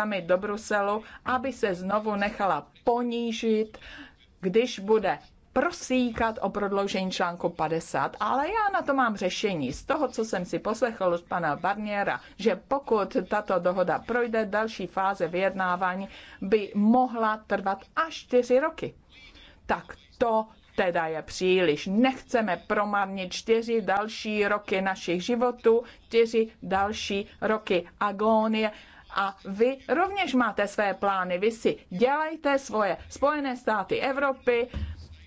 summit do Bruselu, aby se znovu nechala ponížit, když bude prosíkat o prodloužení článku 50, ale já na to mám řešení. Z toho, co jsem si poslechl od pana Barniera, že pokud tato dohoda projde, další fáze vyjednávání by mohla trvat až 4 roky. Tak to teda je příliš. Nechceme promarnit čtyři další roky našich životů, čtyři další roky agónie a vy rovněž máte své plány. Vy si dělejte svoje Spojené státy Evropy,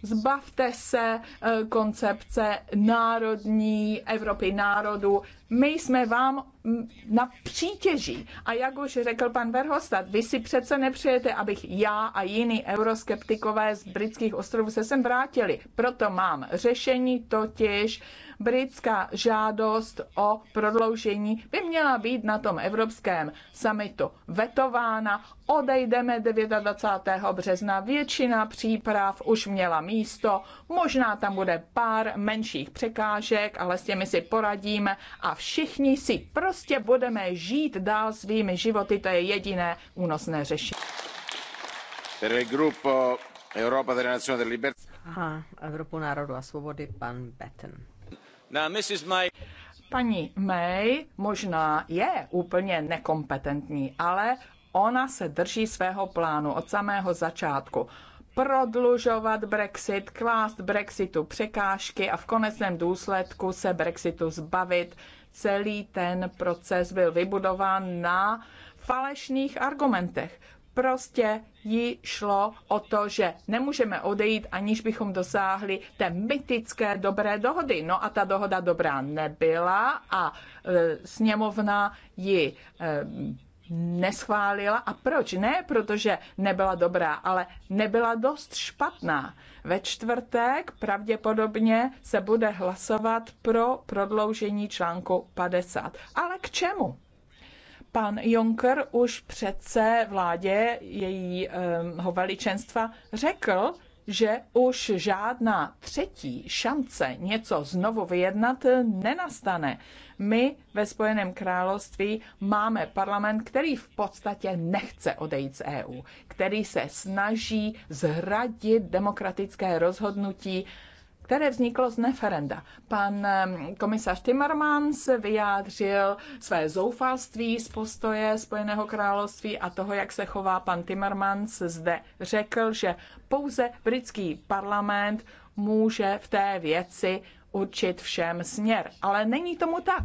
zbavte se eh, koncepce národní Evropy národu, my jsme vám na přítěží. A jak už řekl pan Verhostad, vy si přece nepřejete, abych já a jiní euroskeptikové z britských ostrovů se sem vrátili. Proto mám řešení, totiž britská žádost o prodloužení by měla být na tom evropském summitu vetována. Odejdeme 29. března. Většina příprav už měla místo. Možná tam bude pár menších překážek, ale s těmi si poradíme a všichni si prostě budeme žít dál svými životy, to je jediné únosné řešení. Europa delle Nazioni delle Libertà. Aha, Evropu národu a svobody, pan Betten. Now, Mrs. May... Paní May možná je úplně nekompetentní, ale ona se drží svého plánu od samého začátku prodlužovat Brexit, klást Brexitu překážky a v konečném důsledku se Brexitu zbavit celý ten proces byl vybudován na falešných argumentech. Prostě jí šlo o to, že nemůžeme odejít, aniž bychom dosáhli té mytické dobré dohody. No a ta dohoda dobrá nebyla a e, sněmovna ji e, neschválila. A proč? Ne, protože nebyla dobrá, ale nebyla dost špatná. Ve čtvrtek pravděpodobně se bude hlasovat pro prodloužení článku 50. Ale k čemu? Pan Juncker už přece vládě jejího ehm, veličenstva řekl, že už žádná třetí šance něco znovu vyjednat nenastane. My ve Spojeném království máme parlament, který v podstatě nechce odejít z EU, který se snaží zhradit demokratické rozhodnutí, které vzniklo z neferenda. Pan komisař Timmermans vyjádřil své zoufalství z postoje Spojeného království a toho, jak se chová pan Timmermans zde. Řekl, že pouze britský parlament může v té věci určit všem směr. Ale není tomu tak.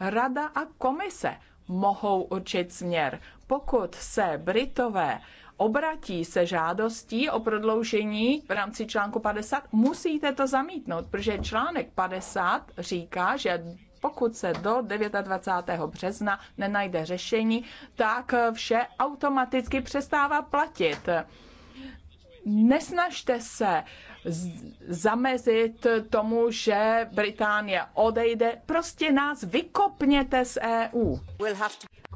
Rada a komise mohou určit směr. Pokud se Britové obratí se žádostí o prodloužení v rámci článku 50, musíte to zamítnout, protože článek 50 říká, že pokud se do 29. března nenajde řešení, tak vše automaticky přestává platit nesnažte se zamezit tomu, že Británie odejde. Prostě nás vykopněte z EU. We'll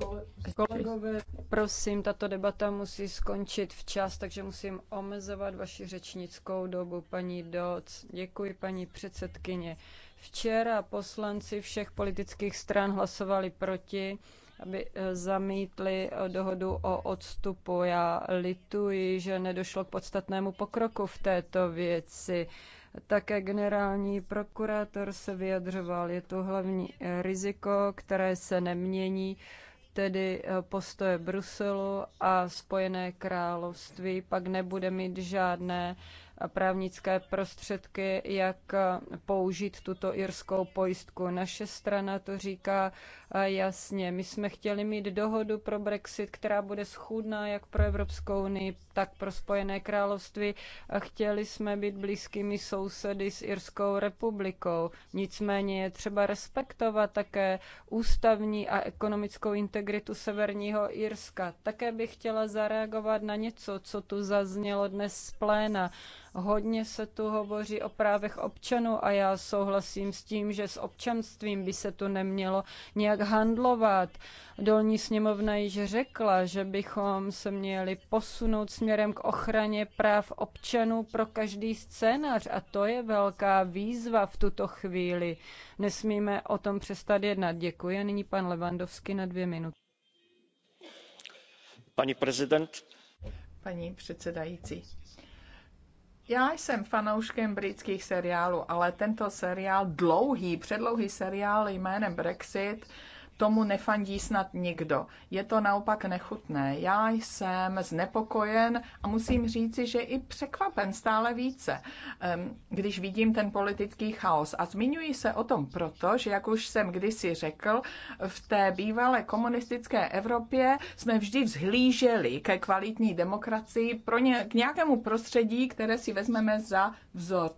to... Kolegové, prosím, tato debata musí skončit včas, takže musím omezovat vaši řečnickou dobu, paní Doc. Děkuji, paní předsedkyně. Včera poslanci všech politických stran hlasovali proti aby eh, zamítli eh, dohodu o odstupu. Já lituji, že nedošlo k podstatnému pokroku v této věci. Také generální prokurátor se vyjadřoval, je to hlavní eh, riziko, které se nemění, tedy postoje Bruselu a Spojené království, pak nebude mít žádné právnické prostředky, jak použít tuto irskou pojistku. Naše strana to říká jasně. My jsme chtěli mít dohodu pro Brexit, která bude schůdná jak pro Evropskou unii, tak pro Spojené království. A chtěli jsme být blízkými sousedy s Irskou republikou. Nicméně je třeba respektovat také ústavní a ekonomickou integritu Severního Irska. Také bych chtěla zareagovat na něco, co tu zaznělo dnes z pléna. Hodně se tu hovoří o právech občanů a já souhlasím s tím, že s občanstvím by se tu nemělo nějak handlovat. Dolní sněmovna již řekla, že bychom se měli posunout směrem k ochraně práv občanů pro každý scénář a to je velká výzva v tuto chvíli. Nesmíme o tom přestat jednat. Děkuji. A nyní pan Levandovský na dvě minuty. Pani prezident. Paní předsedající, já jsem fanouškem britských seriálů, ale tento seriál, dlouhý, předlouhý seriál jménem Brexit, tomu nefandí snad nikdo. Je to naopak nechutné. Já jsem znepokojen a musím říci, že i překvapen stále více, když vidím ten politický chaos. A zmiňuji se o tom proto, že jak už jsem kdysi řekl, v té bývalé komunistické Evropě jsme vždy vzhlíželi ke kvalitní demokracii pro ně, k nějakému prostředí, které si vezmeme za vzor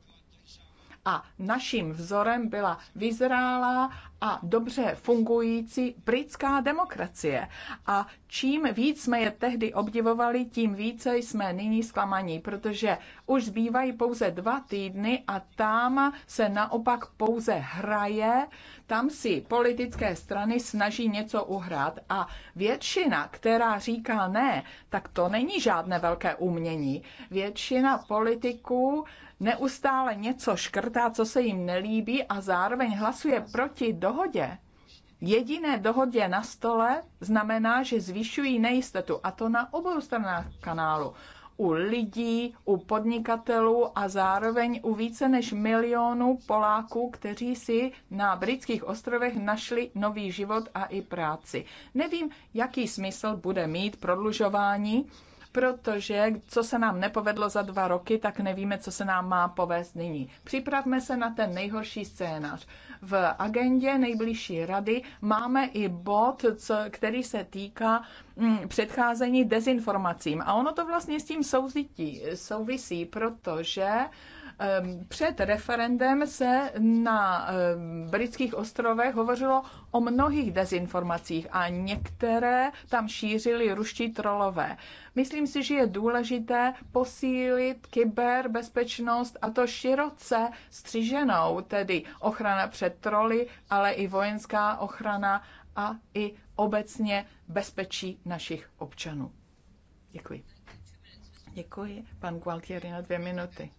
a naším vzorem byla vyzrálá a dobře fungující britská demokracie. A čím víc jsme je tehdy obdivovali, tím více jsme nyní zklamaní, protože už zbývají pouze dva týdny a tam se naopak pouze hraje, tam si politické strany snaží něco uhrát a většina, která říká ne, tak to není žádné velké umění. Většina politiků neustále něco škrtá, co se jim nelíbí a zároveň hlasuje proti dohodě, jediné dohodě na stole znamená, že zvyšují nejistotu a to na obou stranách kanálu. U lidí, u podnikatelů a zároveň u více než milionů Poláků, kteří si na britských ostrovech našli nový život a i práci. Nevím, jaký smysl bude mít prodlužování protože co se nám nepovedlo za dva roky, tak nevíme, co se nám má povést nyní. Připravme se na ten nejhorší scénář. V agendě nejbližší rady máme i bod, co, který se týká mm, předcházení dezinformacím. A ono to vlastně s tím souvisí, souvisí protože před referendem se na britských ostrovech hovořilo o mnohých dezinformacích a některé tam šířili ruští trolové. Myslím si, že je důležité posílit kyberbezpečnost a to široce střiženou, tedy ochrana před troly, ale i vojenská ochrana a i obecně bezpečí našich občanů. Děkuji. Děkuji. Pan Gualtieri na dvě minuty.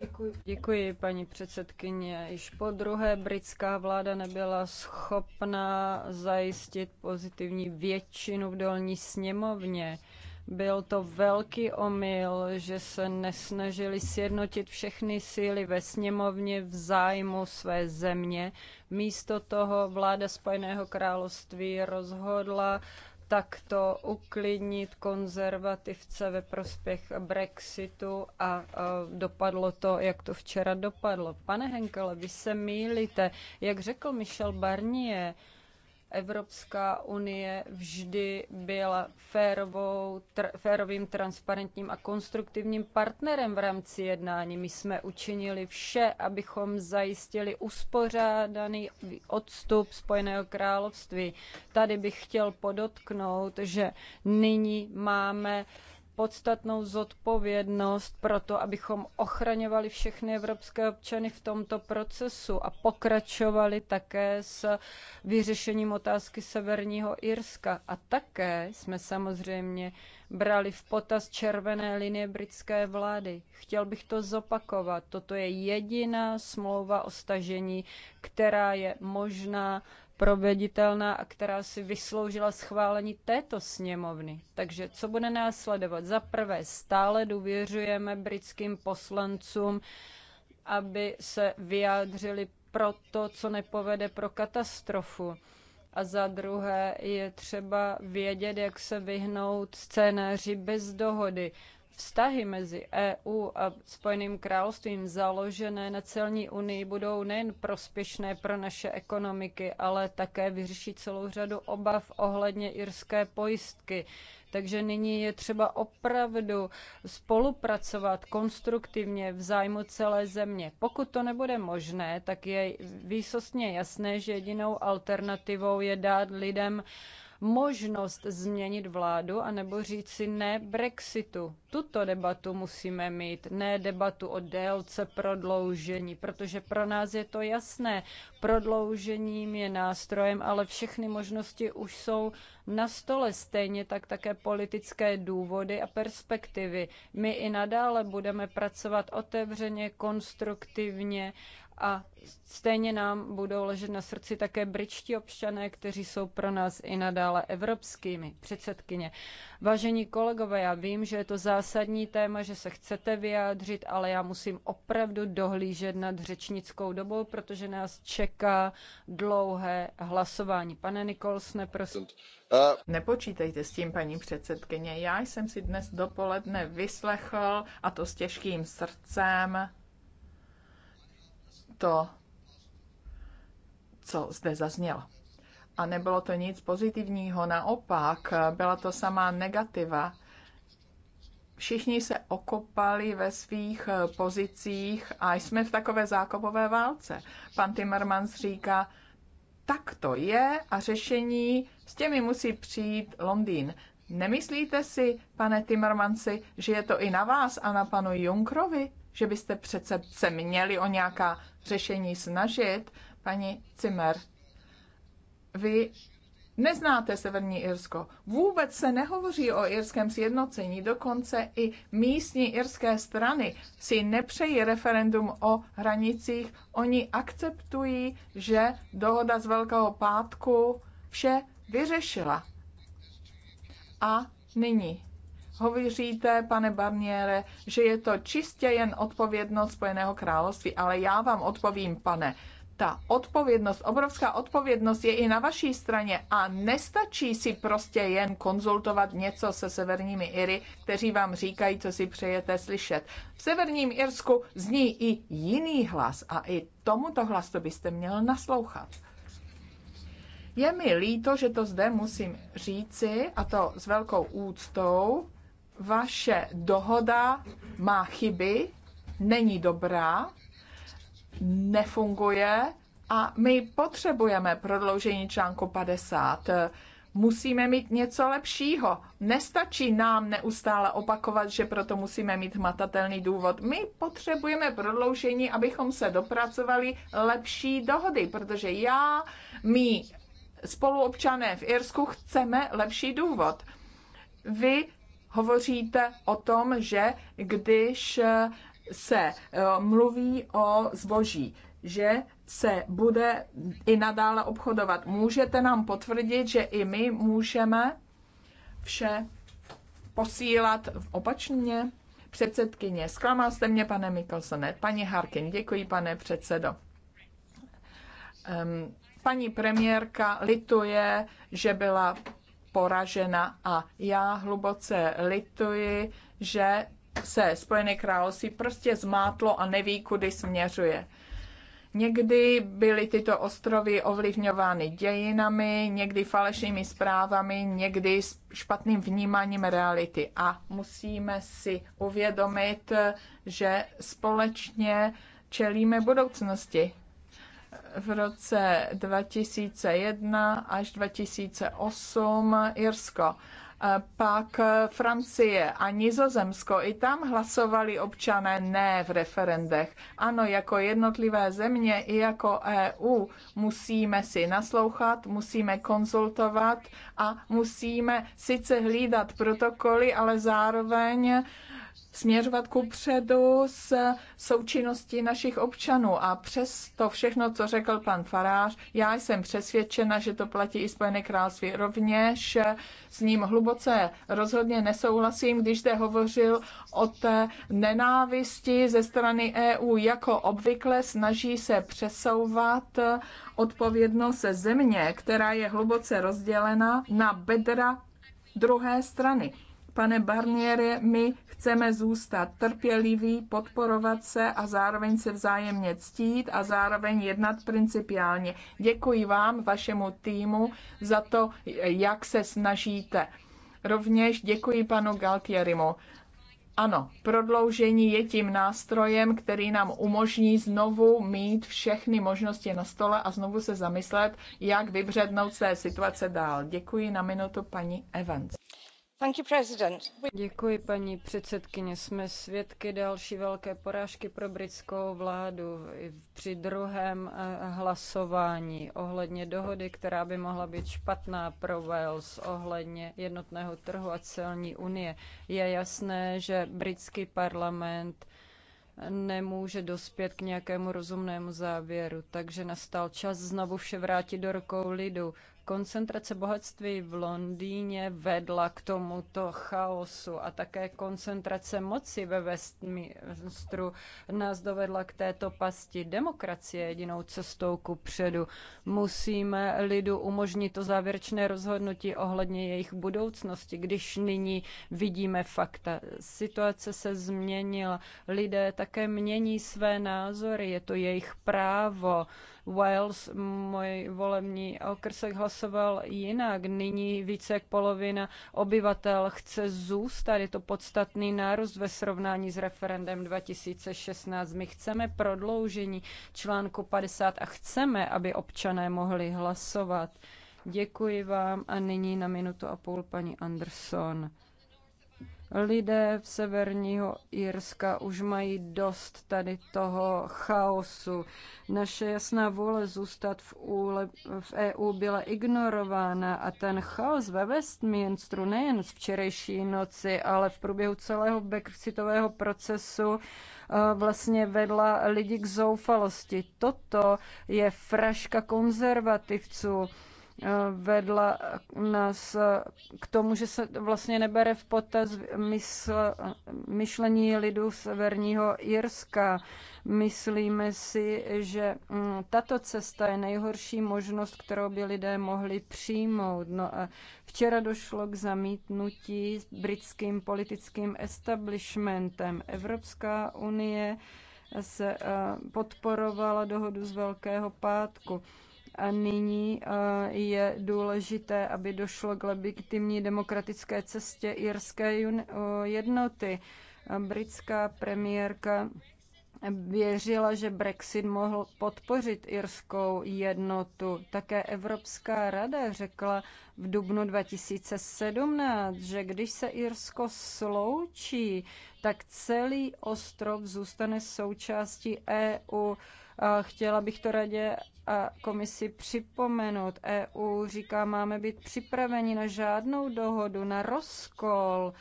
Děkuji, děkuji, paní předsedkyně. Již po druhé britská vláda nebyla schopna zajistit pozitivní většinu v dolní sněmovně. Byl to velký omyl, že se nesnažili sjednotit všechny síly ve sněmovně v zájmu své země. Místo toho vláda Spojeného království rozhodla takto uklidnit konzervativce ve prospěch Brexitu a e, dopadlo to, jak to včera dopadlo. Pane Henkele, vy se mýlíte. Jak řekl Michel Barnier, Evropská unie vždy byla férovou, tr- férovým, transparentním a konstruktivním partnerem v rámci jednání. My jsme učinili vše, abychom zajistili uspořádaný odstup Spojeného království. Tady bych chtěl podotknout, že nyní máme uh, podstatnou zodpovědnost pro to, abychom ochraňovali všechny evropské občany v tomto procesu a pokračovali také s vyřešením otázky Severního Irska. A také jsme samozřejmě brali v potaz červené linie britské vlády. Chtěl bych to zopakovat. Toto je jediná smlouva o stažení, která je možná proveditelná a která si vysloužila schválení této sněmovny. Takže co bude následovat? Za prvé, stále důvěřujeme britským poslancům, aby se vyjádřili pro to, co nepovede pro katastrofu. A za druhé je třeba vědět, jak se vyhnout scénáři bez dohody. Vztahy mezi EU a Spojeným královstvím založené na celní unii budou nejen prospěšné pro naše ekonomiky, ale také vyřeší celou řadu obav ohledně irské pojistky. Takže nyní je třeba opravdu spolupracovat konstruktivně v zájmu celé země. Pokud to nebude možné, tak je výsostně jasné, že jedinou alternativou je dát lidem možnost změnit vládu anebo říct si ne Brexitu. Tuto debatu musíme mít, ne debatu o délce prodloužení, protože pro nás je to jasné. Prodloužením je nástrojem, ale všechny možnosti už jsou na stole, stejně tak také politické důvody a perspektivy. My i nadále budeme pracovat otevřeně, konstruktivně, a stejně nám budou ležet na srdci také britští občané, kteří jsou pro nás i nadále evropskými předsedkyně. Vážení kolegové, já vím, že je to zásadní téma, že se chcete vyjádřit, ale já musím opravdu dohlížet nad řečnickou dobou, protože nás čeká dlouhé hlasování. Pane Nikols, neprosím. Nepočítejte s tím, paní předsedkyně. Já jsem si dnes dopoledne vyslechl, a to s těžkým srdcem, to, co zde zaznělo. A nebylo to nic pozitivního, naopak, byla to samá negativa. Všichni se okopali ve svých pozicích a jsme v takové zákopové válce. Pan Timmermans říká, tak to je a řešení s těmi musí přijít Londýn. Nemyslíte si, pane Timmermansi, že je to i na vás a na panu Junkrovi, že byste přece se měli o nějaká řešení snažit. Paní Cimer, vy neznáte Severní Irsko. Vůbec se nehovoří o irském sjednocení, dokonce i místní irské strany si nepřejí referendum o hranicích. Oni akceptují, že dohoda z Velkého pátku vše vyřešila. A nyní Hovoříte, pane Barniere, že je to čistě jen odpovědnost Spojeného království, ale já vám odpovím, pane, ta odpovědnost, obrovská odpovědnost je i na vaší straně a nestačí si prostě jen konzultovat něco se severními Iry, kteří vám říkají, co si přejete slyšet. V severním Irsku zní i jiný hlas a i tomuto hlasu byste měl naslouchat. Je mi líto, že to zde musím říci, a to s velkou úctou, vaše dohoda má chyby, není dobrá, nefunguje a my potřebujeme prodloužení článku 50. Musíme mít něco lepšího. Nestačí nám neustále opakovat, že proto musíme mít hmatatelný důvod. My potřebujeme prodloužení, abychom se dopracovali lepší dohody, protože já, my spoluobčané v Irsku chceme lepší důvod. Vy Hovoříte o tom, že když se eh, mluví o zboží, že se bude i nadále obchodovat. Můžete nám potvrdit, že i my můžeme vše posílat opačně? Předsedkyně, zklamal jste mě, pane Mikkelsone. Paní Harkin, děkuji, pane předsedo. Um, paní premiérka lituje, že byla poražena a já hluboce lituji, že se Spojené království prostě zmátlo a neví, kudy směřuje. Někdy byly tyto ostrovy ovlivňovány dějinami, někdy falešnými zprávami, někdy špatným vnímáním reality. A musíme si uvědomit, že společně čelíme budoucnosti v roce 2001 až 2008 Irsko, e, pak Francie a Nizozemsko. I tam hlasovali občané ne v referendech. Ano, jako jednotlivé země i jako EU musíme si naslouchat, musíme konzultovat a musíme sice hlídat protokoly, ale zároveň směřovat ku předu s součinností našich občanů. A přes to všechno, co řekl pan Farář, já jsem přesvědčena, že to platí i Spojené království. Rovněž s ním hluboce rozhodně nesouhlasím, když jste hovořil o té nenávisti ze strany EU. Jako obvykle snaží se přesouvat odpovědnost ze země, která je hluboce rozdělena na bedra druhé strany Pane Barniere, my chceme zůstat trpěliví, podporovat se a zároveň se vzájemně ctít a zároveň jednat principiálně. Děkuji vám, vašemu týmu, za to, jak se snažíte. Rovněž děkuji panu Galtierimu. Ano, prodloužení je tím nástrojem, který nám umožní znovu mít všechny možnosti na stole a znovu se zamyslet, jak vybřednout své situace dál. Děkuji na minutu paní Evans. Děkuji, paní předsedkyně. Jsme svědky další velké porážky pro britskou vládu při druhém eh, hlasování ohledně dohody, která by mohla být špatná pro Wales ohledně jednotného trhu a celní unie. Je jasné, že britský parlament nemůže dospět k nějakému rozumnému závěru. Takže nastal čas znovu vše vrátit do rukou lidu. Koncentrace bohatství v Londýně vedla k tomuto chaosu a také koncentrace moci ve Westminsteru nás dovedla k této pasti. Demokracie je jedinou cestou ku předu. Musíme lidu umožnit to závěrečné rozhodnutí ohledně jejich budoucnosti, když nyní vidíme fakta. Situace se změnila, lidé také mění své názory, je to jejich právo Wales, můj volební okrsek, hlasoval jinak. Nyní více jak polovina obyvatel chce zůstat. Je to podstatný nárůst ve srovnání s referendem 2016. My chceme prodloužení článku 50 a chceme, aby občané mohli hlasovat. Děkuji vám a nyní na minutu a půl paní Anderson. Lidé v severního Jirska už mají dost tady toho chaosu. Naše jasná vůle zůstat v, úle, v EU byla ignorována a ten chaos ve Westminsteru nejen z včerejší noci, ale v průběhu celého brexitového procesu eh, vlastně vedla lidi k zoufalosti. Toto je fraška konzervativců Eh, vedla nás eh, k tomu, že se vlastně nebere v potaz mysl, myšlení lidu Severního Irska. Myslíme si, že mm, tato cesta je nejhorší možnost, kterou by lidé mohli přijmout. No a včera došlo k zamítnutí s britským politickým establishmentem. Evropská unie se eh, podporovala dohodu z Velkého pátku a nyní eh, je důležité, aby došlo k legitimní demokratické cestě irské eh, jednoty. Eh, britská premiérka věřila, že Brexit mohl podpořit irskou jednotu. Také Evropská rada řekla v dubnu 2017, že když se Irsko sloučí, tak celý ostrov zůstane součástí EU. Chtěla bych to radě a komisi připomenout. EU říká, máme být připraveni na žádnou dohodu, na rozkol.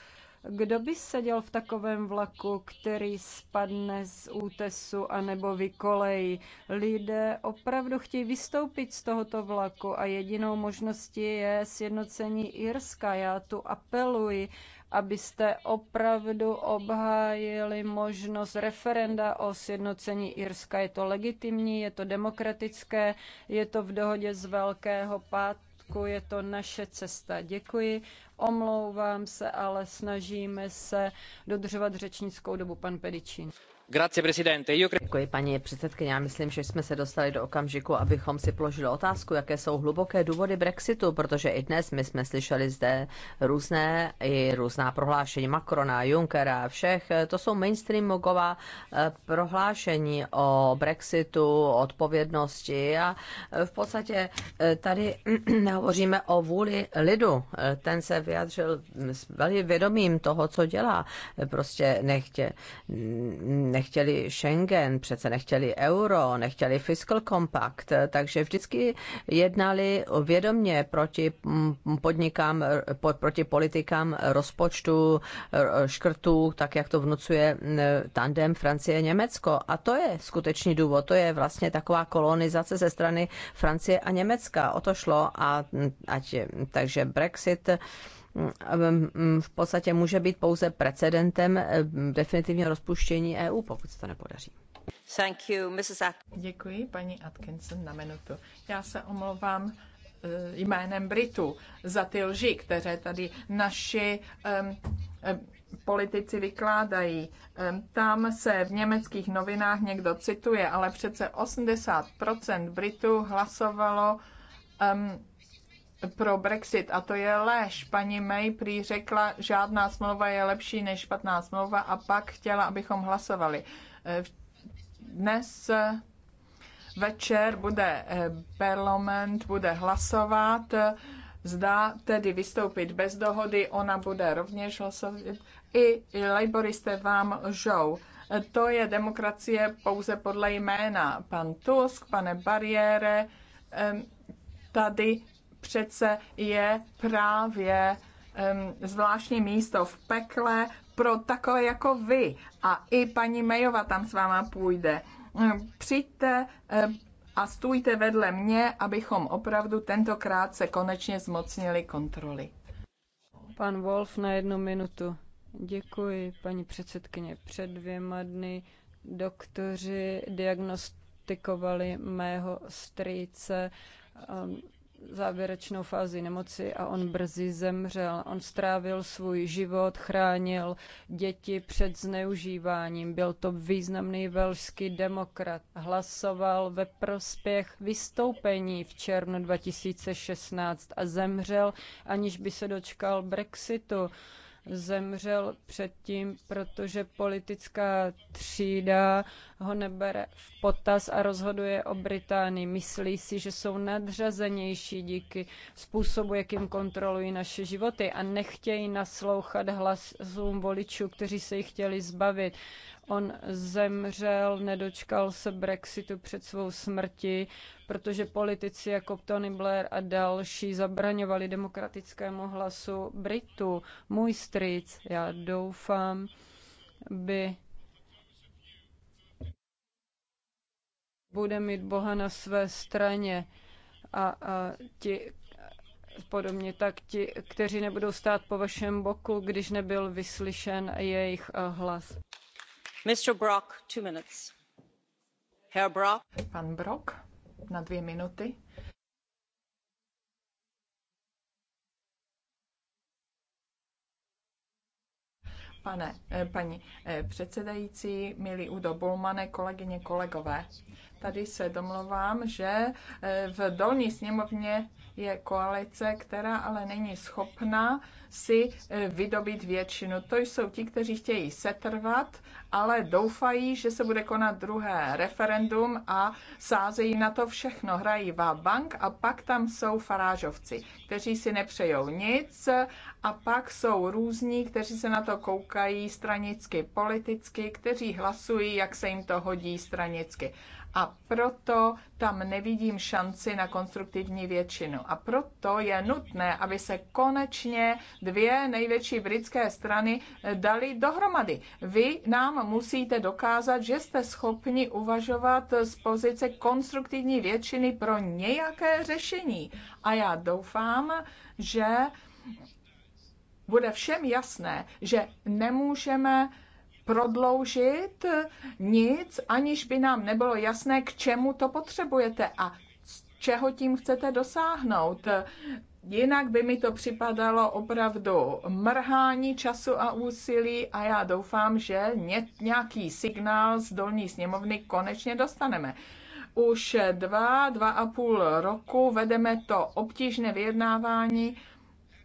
Kdo by seděl v takovém vlaku, který spadne z útesu anebo vykolejí? Lidé opravdu chtějí vystoupit z tohoto vlaku a jedinou možností je sjednocení Irska. Já tu apeluji abyste opravdu obhájili možnost referenda o sjednocení Irska. Je to legitimní, je to demokratické, je to v dohodě z Velkého pátku, je to naše cesta. Děkuji, omlouvám se, ale snažíme se dodržovat řečnickou dobu, pan Pedičín. Děkuji, paní předsedkyně. Já myslím, že jsme se dostali do okamžiku, abychom si položili otázku, jaké jsou hluboké důvody Brexitu, protože i dnes my jsme slyšeli zde různé i různá prohlášení Macrona, Junckera, všech. To jsou mainstreamová eh, prohlášení o Brexitu, odpovědnosti a eh, v podstatě eh, tady nehovoříme o vůli lidu. Ten se vyjadřil s velmi vědomím toho, co dělá. Prostě nechtě, nechtě nechtěli Schengen, přece nechtěli euro, nechtěli fiscal compact, takže vždycky jednali vědomně proti mm, podnikám, proti politikám rozpočtu, škrtů, tak jak to vnucuje tandem Francie-Německo. A to je skutečný důvod, to je vlastně taková kolonizace ze strany Francie a Německa. O to šlo a ať, takže Brexit v podstatě může být pouze precedentem eh, definitivního rozpuštění EU, pokud se to nepodaří. Thank you, Mrs. Děkuji, paní Atkinson, na minutu. Já se omlouvám eh, jménem Britů za ty lži, které tady naši um, um, politici vykládají. Tam se v německých novinách někdo cituje, ale přece 80% Britů hlasovalo um, pro Brexit a to je lež. Paní May prý řekla, žádná smlouva je lepší než špatná smlouva a pak chtěla, abychom hlasovali. E, dnes večer bude e, parlament, bude hlasovat, e, Zdá tedy vystoupit bez dohody, ona bude rovněž hlasovat. I laboristé vám žou. To je demokracie pouze podle jména. Pan Tusk, pane Bariére, tady přece je právě um, zvláštní místo v pekle pro takové jako vy. A i paní Mejova tam s váma půjde. Přijďte a stůjte vedle mě, abychom opravdu tentokrát se konečně zmocnili kontroly. Pan Wolf na jednu minutu. Děkuji, paní předsedkyně. Před dvěma dny doktoři diagnostikovali mého strýce um, závěrečnou fázi nemoci a on brzy zemřel. On strávil svůj život, chránil děti před zneužíváním. Byl to významný velšský demokrat. Hlasoval ve prospěch vystoupení v červnu 2016 a zemřel, aniž by se dočkal Brexitu zemřel předtím, protože politická třída ho nebere v potaz a rozhoduje o Británii. Myslí si, že jsou nadřazenější díky způsobu, jakým kontrolují naše životy a nechtějí naslouchat hlasům voličů, kteří se jich chtěli zbavit. On zemřel, nedočkal se Brexitu před svou smrti, protože politici jako Tony Blair a další zabraňovali demokratickému hlasu Britu. Můj strýc, já doufám, by bude mít Boha na své straně a, a ti podobně tak ti, kteří nebudou stát po vašem boku, když nebyl vyslyšen jejich eh, hlas. Mr. Brock, two minutes. Herr Brock. Pan Brock na dvě minuty. Pane, eh, paní eh, předsedající, milý Udo Bulmane, kolegyně, kolegové, Tady se domluvám, že eh, v dolní sněmovně je koalice, která ale není schopna si eh, vydobít většinu. To jsou ti, kteří chtějí setrvat, ale doufají, že se bude konat druhé referendum a sázejí na to všechno. Hrají bank a pak tam jsou farážovci, kteří si nepřejou nic a pak jsou různí, kteří se na to koukají stranicky, politicky, kteří hlasují, jak se jim to hodí stranicky a proto tam nevidím šanci na konstruktivní většinu. A proto je nutné, aby se konečně dvě největší britské strany dali dohromady. Vy nám musíte dokázat, že jste schopni uvažovat z pozice konstruktivní většiny pro nějaké řešení. A já doufám, že bude všem jasné, že nemůžeme prodloužit nic, aniž by nám nebylo jasné, k čemu to potřebujete a čeho tím chcete dosáhnout. Jinak by mi to připadalo opravdu mrhání času a úsilí a já doufám, že nějaký signál z dolní sněmovny konečně dostaneme. Už dva, dva a půl roku vedeme to obtížné vyjednávání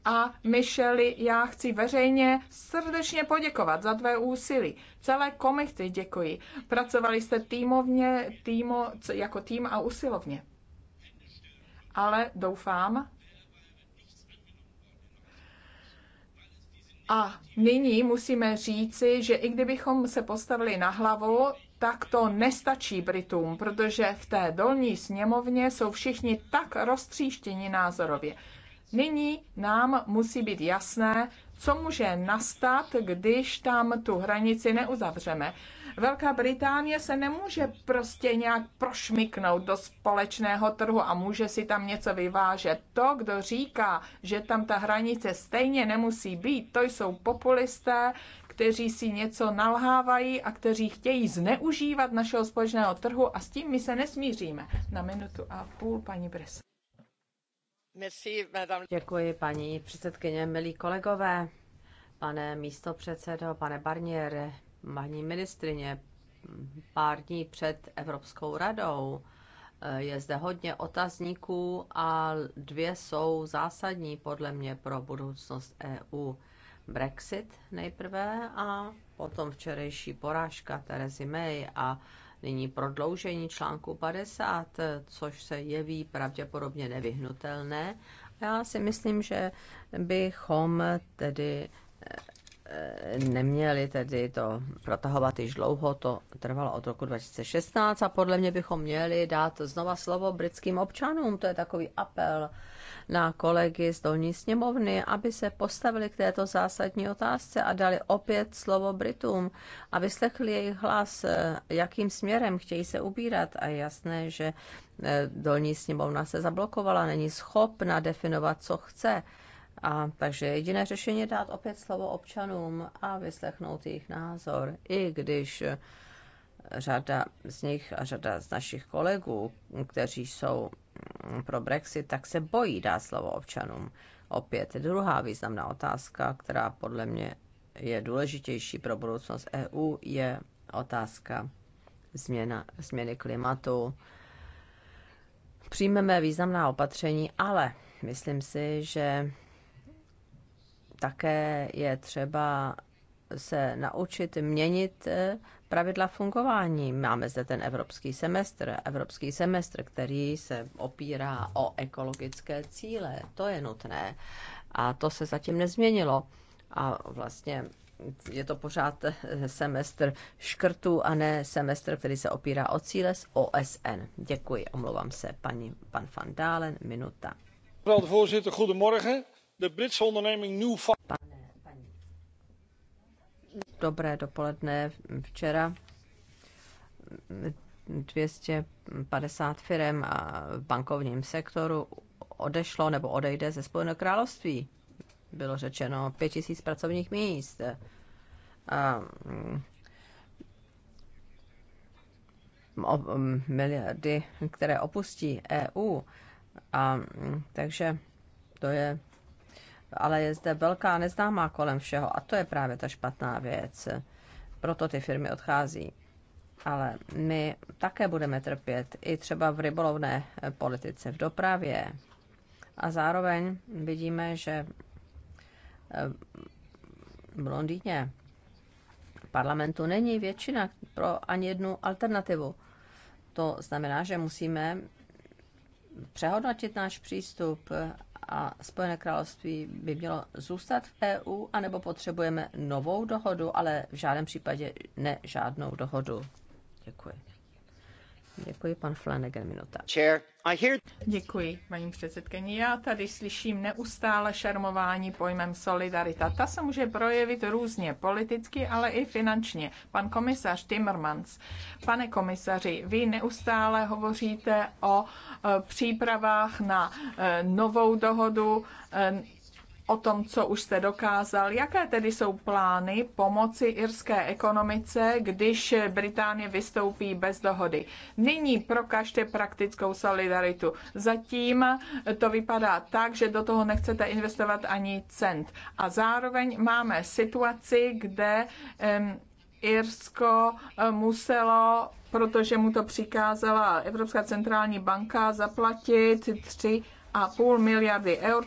a Michelle, já chci veřejně srdečně poděkovat za tvé úsilí. Celé komity děkuji. Pracovali jste týmovně, týmo, jako tým a usilovně. Ale doufám, A nyní musíme říci, že i kdybychom se postavili na hlavu, tak to nestačí Britům, protože v té dolní sněmovně jsou všichni tak roztříštěni názorově. Nyní nám musí být jasné, co může nastat, když tam tu hranici neuzavřeme. Velká Británie se nemůže prostě nějak prošmiknout do společného trhu a může si tam něco vyvážet. To, kdo říká, že tam ta hranice stejně nemusí být, to jsou populisté, kteří si něco nalhávají a kteří chtějí zneužívat našeho společného trhu a s tím my se nesmíříme. Na minutu a půl, paní Bresa. Děkuji, paní předsedkyně, milí kolegové, pane místopředsedo, pane Barniere, paní ministrině. Pár dní před Evropskou radou eh, je zde hodně otazníků a dvě jsou zásadní podle mě pro budoucnost EU. Brexit nejprve a potom včerejší porážka Terezy May a nyní prodloužení článku 50, což se jeví pravděpodobně nevyhnutelné. Já si myslím, že bychom tedy neměli tedy to protahovat již dlouho, to trvalo od roku 2016 a podle mě bychom měli dát znova slovo britským občanům. To je takový apel na kolegy z dolní sněmovny, aby se postavili k této zásadní otázce a dali opět slovo Britům a vyslechli jejich hlas, eh, jakým směrem chtějí se ubírat. A je jasné, že eh, dolní sněmovna se zablokovala, není schopna definovat, co chce a takže jediné řešení je dát opět slovo občanům a vyslechnout jejich názor, i když řada z nich a řada z našich kolegů, kteří jsou pro Brexit, tak se bojí dát slovo občanům. Opět druhá významná otázka, která podle mě je důležitější pro budoucnost EU, je otázka změna, změny klimatu. Přijmeme významná opatření, ale myslím si, že také je třeba se naučit měnit eh, pravidla fungování. Máme zde ten evropský semestr, evropský semestr, který se opírá o ekologické cíle. To je nutné. A to se zatím nezměnilo. A vlastně je to pořád eh, semestr škrtů a ne semestr, který se opírá o cíle z OSN. Děkuji, omlouvám se, paní, pan Van Dalen, minuta. Voorzitter, goedemorgen de Britse onderneming New Dobré dopoledne. Včera 250 firm v bankovním sektoru odešlo nebo odejde ze Spojeného království. Bylo řečeno 5000 pracovních míst. A, mm, mm, miliardy, které opustí EU. A mm, takže to je ale je zde velká neznámá kolem všeho a to je právě ta špatná věc. Proto ty firmy odchází. Ale my také budeme trpět i třeba v rybolovné politice, v dopravě. A zároveň vidíme, že eh, v Londýně parlamentu není většina pro ani jednu alternativu. To znamená, že musíme přehodnotit náš přístup a Spojené království by mělo zůstat v EU, anebo potřebujeme novou dohodu, ale v žádném případě ne žádnou dohodu. Děkuji. Děkuji, pan Flanagan, minuta. Děkuji, paní předsedkyně. Já tady slyším neustále šarmování pojmem solidarita. Ta se může projevit různě, politicky, ale i finančně. Pan komisař Timmermans, pane komisaři, vy neustále hovoříte o e, přípravách na e, novou dohodu e, o tom, co už jste dokázal. Jaké tedy jsou plány pomoci irské ekonomice, když Británie vystoupí bez dohody? Nyní prokažte praktickou solidaritu. Zatím to vypadá tak, že do toho nechcete investovat ani cent. A zároveň máme situaci, kde um, Irsko eh, muselo, protože mu to přikázala Evropská centrální banka, zaplatit 3,5 miliardy eur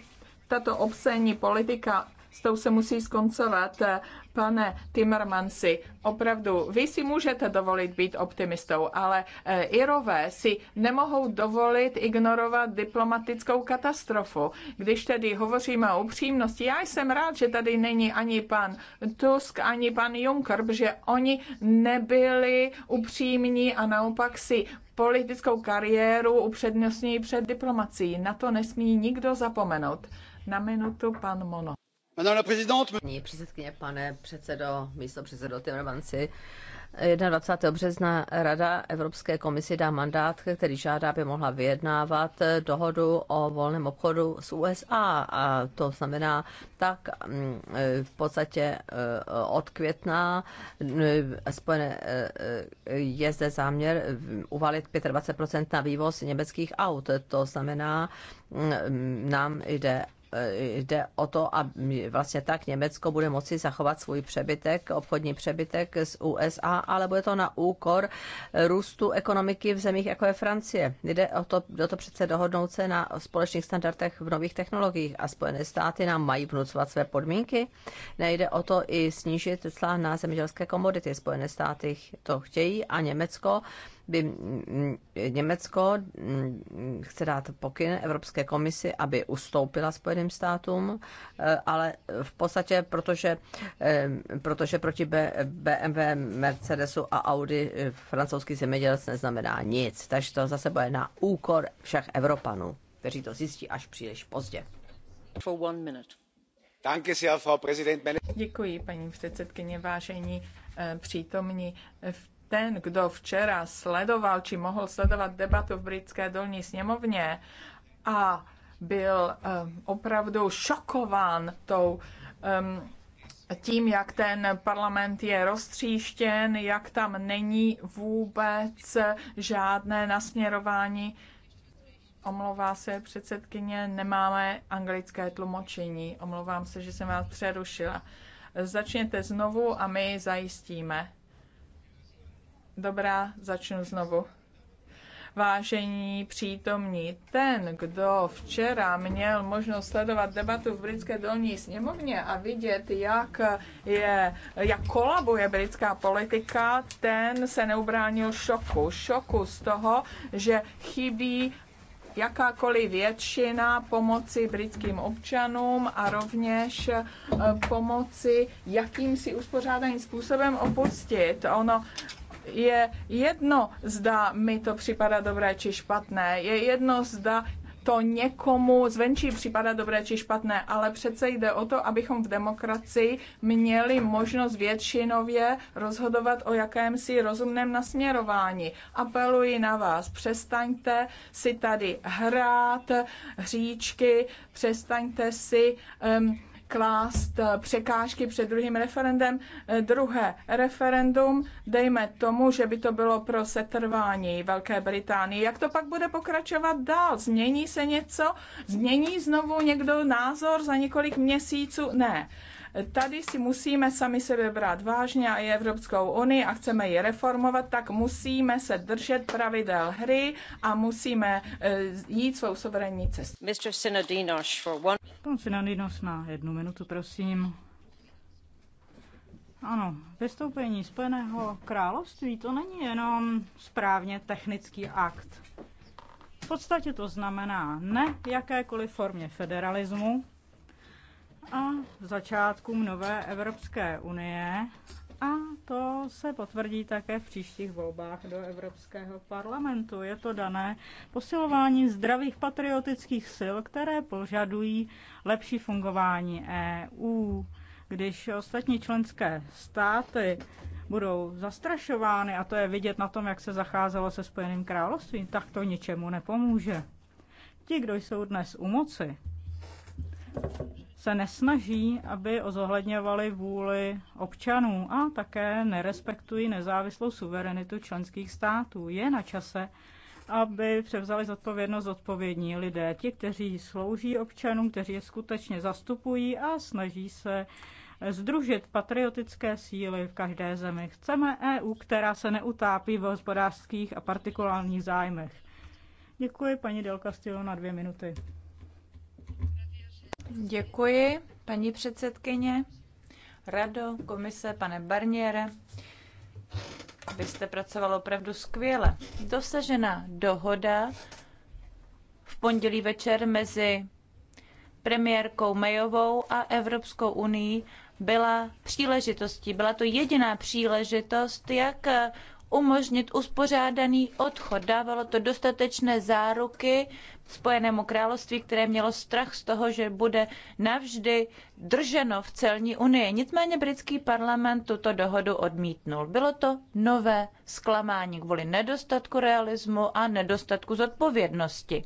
tato obscénní politika s tou se musí skoncovat. Eh, pane Timmermansi, opravdu, vy si můžete dovolit být optimistou, ale eh, Irové si nemohou dovolit ignorovat diplomatickou katastrofu. Když tedy hovoříme o upřímnosti, já jsem rád, že tady není ani pan Tusk, ani pan Juncker, protože oni nebyli upřímní a naopak si politickou kariéru upřednostňují před diplomací. Na to nesmí nikdo zapomenout. Na minutu pan Mono. Paní předsedkyně, pane předsedo, místo předsedo Timmermansi, 21. března Rada Evropské komisi dá mandát, který žádá, aby mohla vyjednávat dohodu o volném obchodu s USA. A to znamená tak mm, v podstatě eh, od května eh, spojené, eh, je zde záměr mm, uvalit 25% na vývoz německých aut. To znamená, mm, nám jde Eh, jde o to, a vlastně tak Německo bude moci zachovat svůj přebytek, obchodní přebytek z USA, ale bude to na úkor růstu ekonomiky v zemích, jako je Francie. Jde o to, do to přece dohodnout se na společných standardech v nových technologiích a Spojené státy nám mají vnucovat své podmínky. Nejde o to i snížit cla na zemědělské komodity. Spojené státy to chtějí a Německo by Německo chce dát pokyn Evropské komisi, aby ustoupila Spojeným státům, e, ale v podstatě, protože, e, protože proti BMW, Mercedesu a Audi e, francouzský zemědělec neznamená nic. Takže to zase bude na úkor všech Evropanů, kteří to zjistí až příliš pozdě. For one minute. Děkuji, paní předsedkyně, vážení přítomní. V ten, kdo včera sledoval, či mohl sledovat debatu v britské dolní sněmovně a byl um, opravdu šokován tou um, tím, jak ten parlament je roztříštěn, jak tam není vůbec žádné nasměrování. Omlouvá se předsedkyně, nemáme anglické tlumočení. Omlouvám se, že jsem vás přerušila. Začněte znovu a my zajistíme. Dobrá, začnu znovu. Vážení přítomní, ten, kdo včera měl možnost sledovat debatu v britské dolní sněmovně a vidět, jak, je, jak kolabuje britská politika, ten se neubránil šoku. Šoku z toho, že chybí jakákoliv většina pomoci britským občanům a rovněž eh, pomoci jakýmsi uspořádaným způsobem opustit. Ono je jedno, zda mi to připadá dobré či špatné, je jedno, zda to někomu zvenčí připadá dobré či špatné, ale přece jde o to, abychom v demokracii měli možnost většinově rozhodovat o jakémsi rozumném nasměrování. Apeluji na vás, přestaňte si tady hrát hříčky, přestaňte si um, klást eh, překážky před druhým referendem. Eh, druhé referendum, dejme tomu, že by to bylo pro setrvání Velké Británie. Jak to pak bude pokračovat dál? Změní se něco? Změní znovu někdo názor za několik měsíců? Ne. Tady si musíme sami sebe brát vážně a je Evropskou unii a chceme ji reformovat, tak musíme se držet pravidel hry a musíme eh, jít svou suverénní cestu. Mr. Sinodinos, for one... Pan Sinodinos na jednu minutu, prosím. Ano, vystoupení Spojeného království to není jenom správně technický akt. V podstatě to znamená ne jakékoliv formě federalismu, a začátkům nové Evropské unie a to se potvrdí také v příštích volbách do Evropského parlamentu. Je to dané posilování zdravých patriotických sil, které požadují lepší fungování EU. Když ostatní členské státy budou zastrašovány, a to je vidět na tom, jak se zacházelo se Spojeným královstvím, tak to ničemu nepomůže. Ti, kdo jsou dnes u moci, se nesnaží, aby ozohledňovali vůli občanů a také nerespektují nezávislou suverenitu členských států. Je na čase, aby převzali zodpovědnost odpovědní lidé, ti, kteří slouží občanům, kteří je skutečně zastupují a snaží se združit patriotické síly v každé zemi. Chceme EU, která se neutápí v hospodářských a partikulárních zájmech. Děkuji paní Delka Stilo na dvě minuty. Děkuji, paní předsedkyně. Rado, komise, pane Barniere, vy jste pracoval opravdu skvěle. Dosažena dohoda v pondělí večer mezi premiérkou Mayovou a Evropskou unii byla příležitostí. Byla to jediná příležitost, jak umožnit uspořádaný odchod. Dávalo to dostatečné záruky Spojenému království, které mělo strach z toho, že bude navždy drženo v celní unii. Nicméně britský parlament tuto dohodu odmítnul. Bylo to nové zklamání kvůli nedostatku realismu a nedostatku zodpovědnosti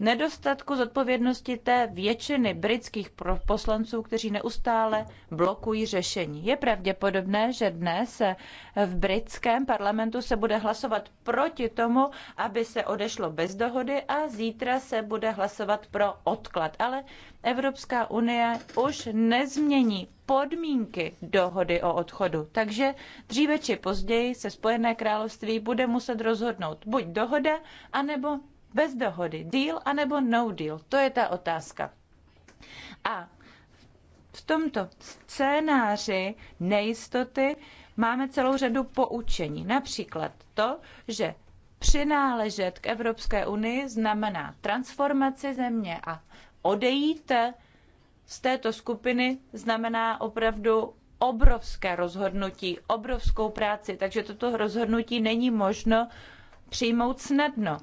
nedostatku zodpovědnosti té většiny britských poslanců, kteří neustále blokují řešení. Je pravděpodobné, že dnes v britském parlamentu se bude hlasovat proti tomu, aby se odešlo bez dohody a zítra se bude hlasovat pro odklad. Ale Evropská unie už nezmění podmínky dohody o odchodu. Takže dříve či později se Spojené království bude muset rozhodnout buď dohoda, anebo bez dohody. Deal anebo no deal, to je ta otázka. A v tomto scénáři nejistoty máme celou řadu poučení. Například to, že přináležet k Evropské unii znamená transformaci země a odejít z této skupiny znamená opravdu obrovské rozhodnutí, obrovskou práci, takže toto rozhodnutí není možno přijmout snadno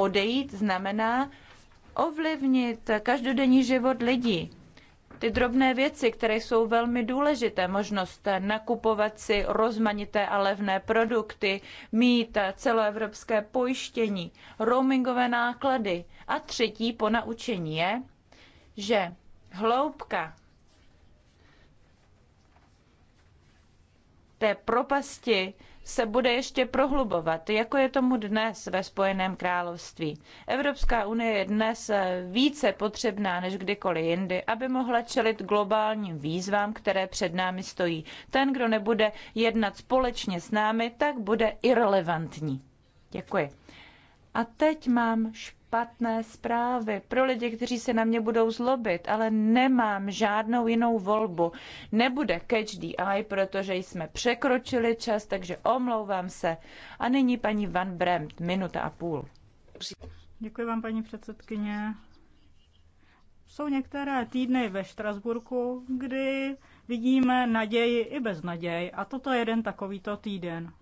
odejít znamená ovlivnit každodenní život lidí. Ty drobné věci, které jsou velmi důležité, možnost nakupovat si rozmanité a levné produkty, mít celoevropské pojištění, roamingové náklady. A třetí ponaučení je, že hloubka té propasti se bude ještě prohlubovat, jako je tomu dnes ve Spojeném království. Evropská unie je dnes více potřebná než kdykoliv jindy, aby mohla čelit globálním výzvám, které před námi stojí. Ten, kdo nebude jednat společně s námi, tak bude irrelevantní. Děkuji. A teď mám špatný špatné zprávy pro lidi, kteří se na mě budou zlobit, ale nemám žádnou jinou volbu. Nebude catch the eye, protože jsme překročili čas, takže omlouvám se. A nyní paní Van Bremt, minuta a půl. Děkuji vám, paní předsedkyně. Jsou některé týdny ve Štrasburku, kdy vidíme naději i bez naději a toto je jeden takovýto týden.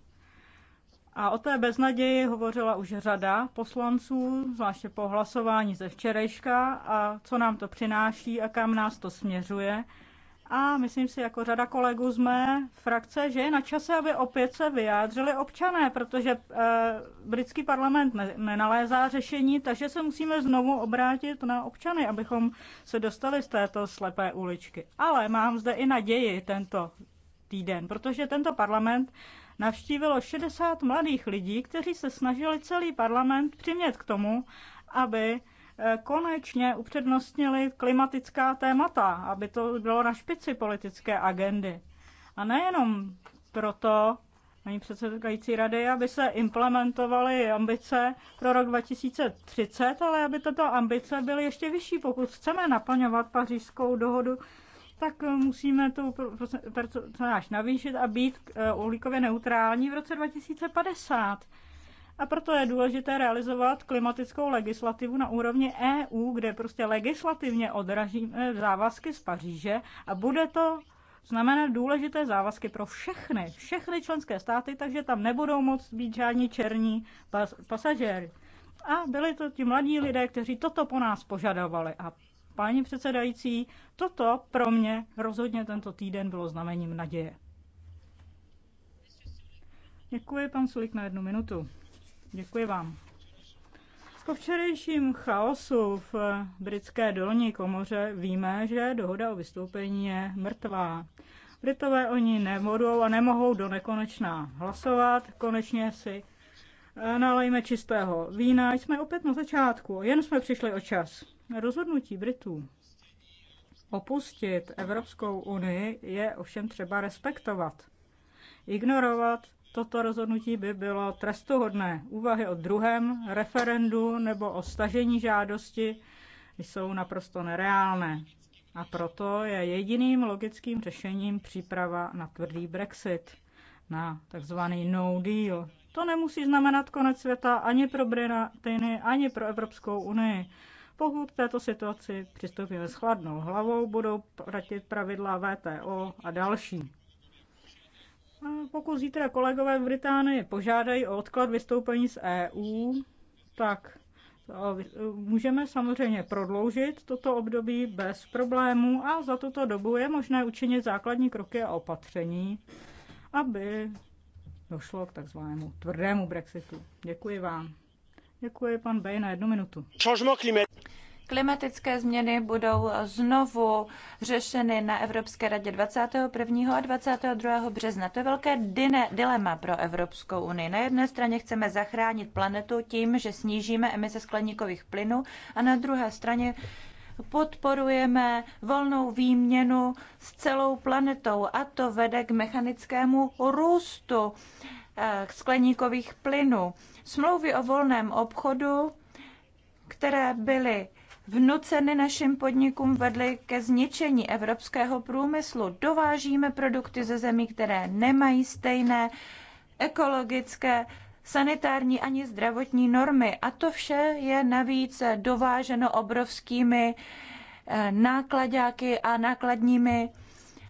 A o té beznaději hovořila už řada poslanců, zvláště po hlasování ze včerejška, a co nám to přináší a kam nás to směřuje. A myslím si, jako řada kolegů z mé frakce, že je na čase, aby opět se vyjádřili občané, protože e, britský parlament ne, nenalézá řešení, takže se musíme znovu obrátit na občany, abychom se dostali z této slepé uličky. Ale mám zde i naději tento týden, protože tento parlament navštívilo 60 mladých lidí, kteří se snažili celý parlament přimět k tomu, aby eh, konečně upřednostnili klimatická témata, aby to bylo na špici politické agendy. A nejenom proto, paní předsedající rady, aby se implementovaly ambice pro rok 2030, ale aby tato ambice byly ještě vyšší, pokud chceme naplňovat pařížskou dohodu tak eh, musíme to náš navýšit a být eh, uhlíkově neutrální v roce 2050. A proto je důležité realizovat klimatickou legislativu na úrovni EU, kde prostě legislativně odražíme závazky z Paříže a bude to znamená důležité závazky pro všechny, všechny členské státy, takže tam nebudou moc být žádní černí pas- pasažéry. A byli to ti mladí lidé, kteří toto po nás požadovali. A Páni předsedající, toto pro mě rozhodně tento týden bylo znamením naděje. Děkuji, pan Sulik, na jednu minutu. Děkuji vám. Po včerejším chaosu v britské dolní komoře víme, že dohoda o vystoupení je mrtvá. Britové oni nemohou a nemohou do nekonečna hlasovat. Konečně si eh, nalejme čistého vína. Jsme opět na začátku, jen jsme přišli o čas. Rozhodnutí Britů opustit Evropskou unii je ovšem třeba respektovat. Ignorovat toto rozhodnutí by bylo trestuhodné. Úvahy o druhém referendu nebo o stažení žádosti jsou naprosto nereálné. A proto je jediným logickým řešením příprava na tvrdý Brexit, na takzvaný no deal. To nemusí znamenat konec světa ani pro Britány, ani pro Evropskou unii. Pokud k této situaci přistoupíme s chladnou hlavou, budou platit pravidla VTO a další. Pokud zítra kolegové v Británii požádají o odklad vystoupení z EU, tak můžeme samozřejmě prodloužit toto období bez problémů a za tuto dobu je možné učinit základní kroky a opatření, aby došlo k takzvanému tvrdému Brexitu. Děkuji vám. Děkuji, pan Bej, na jednu minutu. Klimatické změny budou znovu řešeny na Evropské radě 21. a 22. března. To je velké dine, dilema pro Evropskou unii. Na jedné straně chceme zachránit planetu tím, že snížíme emise skleníkových plynů a na druhé straně podporujeme volnou výměnu s celou planetou a to vede k mechanickému růstu eh, skleníkových plynů. Smlouvy o volném obchodu, které byly vnuceny našim podnikům vedly ke zničení evropského průmyslu. Dovážíme produkty ze zemí, které nemají stejné ekologické, sanitární ani zdravotní normy. A to vše je navíc dováženo obrovskými eh, nákladáky a nákladními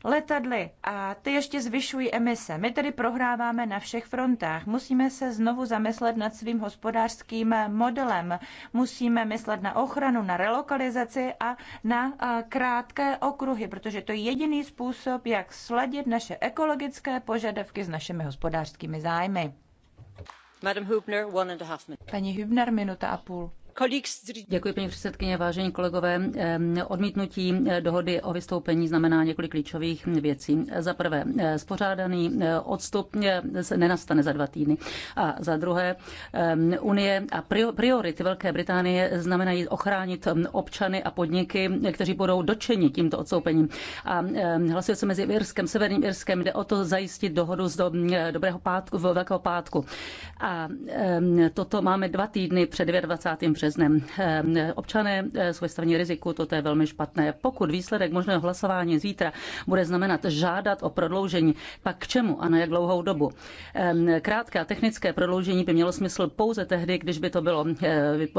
letadly a ty ještě zvyšují emise. My tedy prohráváme na všech frontách. Musíme se znovu zamyslet nad svým hospodářským modelem. Musíme myslet na ochranu, na relokalizaci a na krátké okruhy, protože to je jediný způsob, jak sladit naše ekologické požadavky s našimi hospodářskými zájmy. Paní Hübner, minuta a půl. Děkuji, paní předsedkyně, vážení kolegové. Odmítnutí eh, dohody o vystoupení znamená několik klíčových věcí. Za prvé, eh, spořádaný eh, odstup nenastane za dva týdny. A za druhé, Unie a priority Velké Británie znamenají ochránit občany a podniky, kteří budou dočeni tímto odstoupením. A hlasuje se mezi Irskem, Severním Irskem, jde o to zajistit dohodu z do, dobrého pátku, Velkého pátku. A toto máme dva týdny před 29. březnem březnem. Eh, občané eh, jsou vystaveni riziku, toto je velmi špatné. Pokud výsledek možného hlasování zítra bude znamenat žádat o prodloužení, pak k čemu a na jak dlouhou dobu? Eh, krátké a technické prodloužení by mělo smysl pouze tehdy, když by to bylo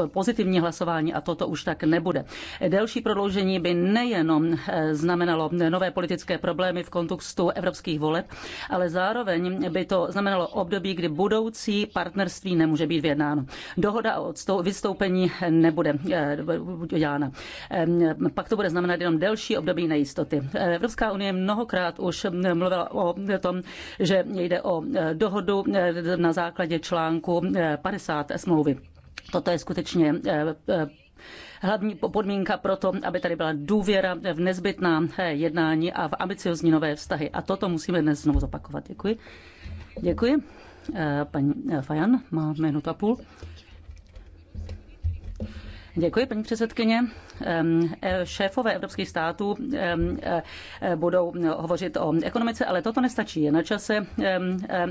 pozitivní hlasování a toto už tak nebude. Delší prodloužení by nejenom znamenalo nové politické problémy v kontextu evropských voleb, ale zároveň by to znamenalo období, kdy budoucí partnerství nemůže být vyjednáno. Dohoda o vystoupení opatření nebude eh, udělána. Ehm, pak to bude znamenat jenom delší období nejistoty. Evropská unie mnohokrát už mluvila o tom, že jde o eh, dohodu eh, na základě článku 50 smlouvy. Toto je skutečně hlavní podmínka pro to, aby tady byla důvěra v nezbytná jednání a v ambiciozní nové vztahy. A toto musíme dnes znovu zopakovat. Děkuji. Děkuji. Paní Fajan má minutu a půl. Děkuji, paní předsedkyně. E, šéfové evropských států e, e, budou hovořit o ekonomice, ale toto nestačí. Je na čase,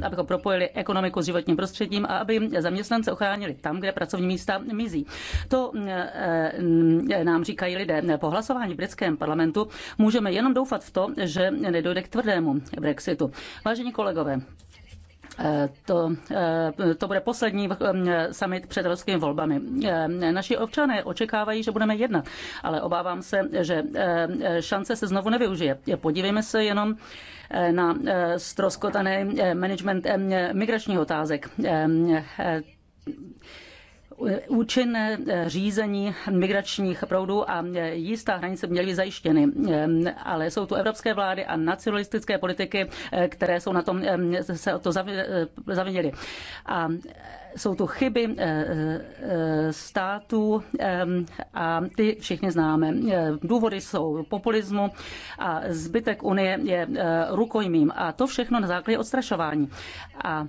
abychom propojili ekonomiku s životním prostředím a aby zaměstnance ochránili tam, kde pracovní místa mizí. To nám říkají lidé. Po hlasování v britském parlamentu můžeme jenom doufat v to, že nedojde k tvrdému Brexitu. Vážení kolegové, to, eh, to bude poslední eh, summit před evropskými volbami. Eh, naši občané očekávají, že budeme jednat, ale obávám se, že šance se znovu nevyužije. Podívejme se jenom na stroskotaný management migračních otázek účinné eh, řízení migračních proudů a eh, jistá hranice měly být zajištěny. Eh, ale jsou tu evropské vlády a nacionalistické politiky, které jsou na tom, se to zavinili. A jsou tu chyby států a ty všichni známe. Důvody jsou populismu a zbytek Unie je rukojmím. A to všechno na základě odstrašování. A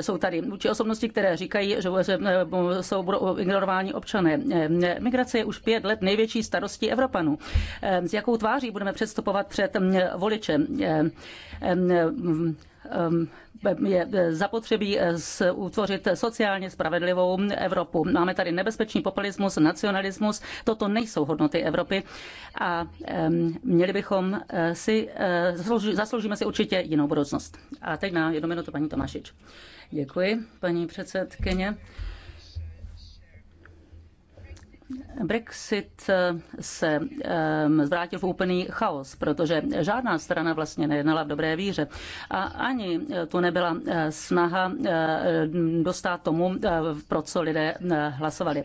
jsou tady vůči osobnosti, které říkají, že eh, jsou, budou ignorováni občané. Eh, migrace je už pět let největší starostí Evropanů. Eh, s jakou tváří budeme předstupovat před mm, voličem? Ehm, je e, zapotřebí e, utvořit sociálně spravedlivou Evropu. Máme tady nebezpečný populismus, nacionalismus, toto nejsou hodnoty Evropy a ehm, měli bychom e, si, zasloužíme si určitě jinou budoucnost. A teď na jednu minutu paní Tomášič. Děkuji, paní předsedkyně. Brexit eh, se um, zvrátil v úplný chaos, protože žádná strana vlastně nejednala v dobré víře. A ani eh, tu nebyla eh, snaha dostat tomu, pro co lidé hlasovali.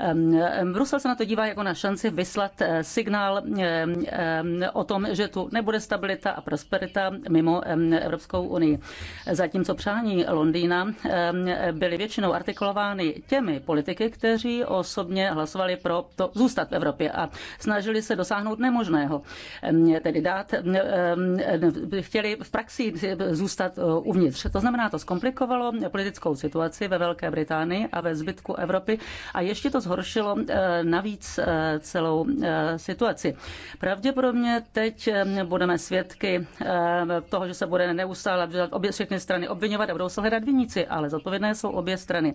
Ehm, ehm, Brusel se na to dívá jako na šanci vyslat signál o tom, že tu nebude stabilita a prosperita mimo Evropskou unii. Zatímco přání Londýna byly většinou artikulovány těmi politiky, kteří osobně hlasovali bojovali pro to zůstat v Evropě a snažili se dosáhnout nemožného, tedy dát, chtěli v praxi zůstat e, uvnitř. To znamená, to zkomplikovalo politickou situaci ve Velké Británii a ve zbytku Evropy a ještě to zhoršilo e, navíc e, celou situaci. Pravděpodobně teď budeme svědky toho, že se bude neustále obě všechny strany obvinovat a budou se hledat viníci, ale zodpovědné jsou obě strany.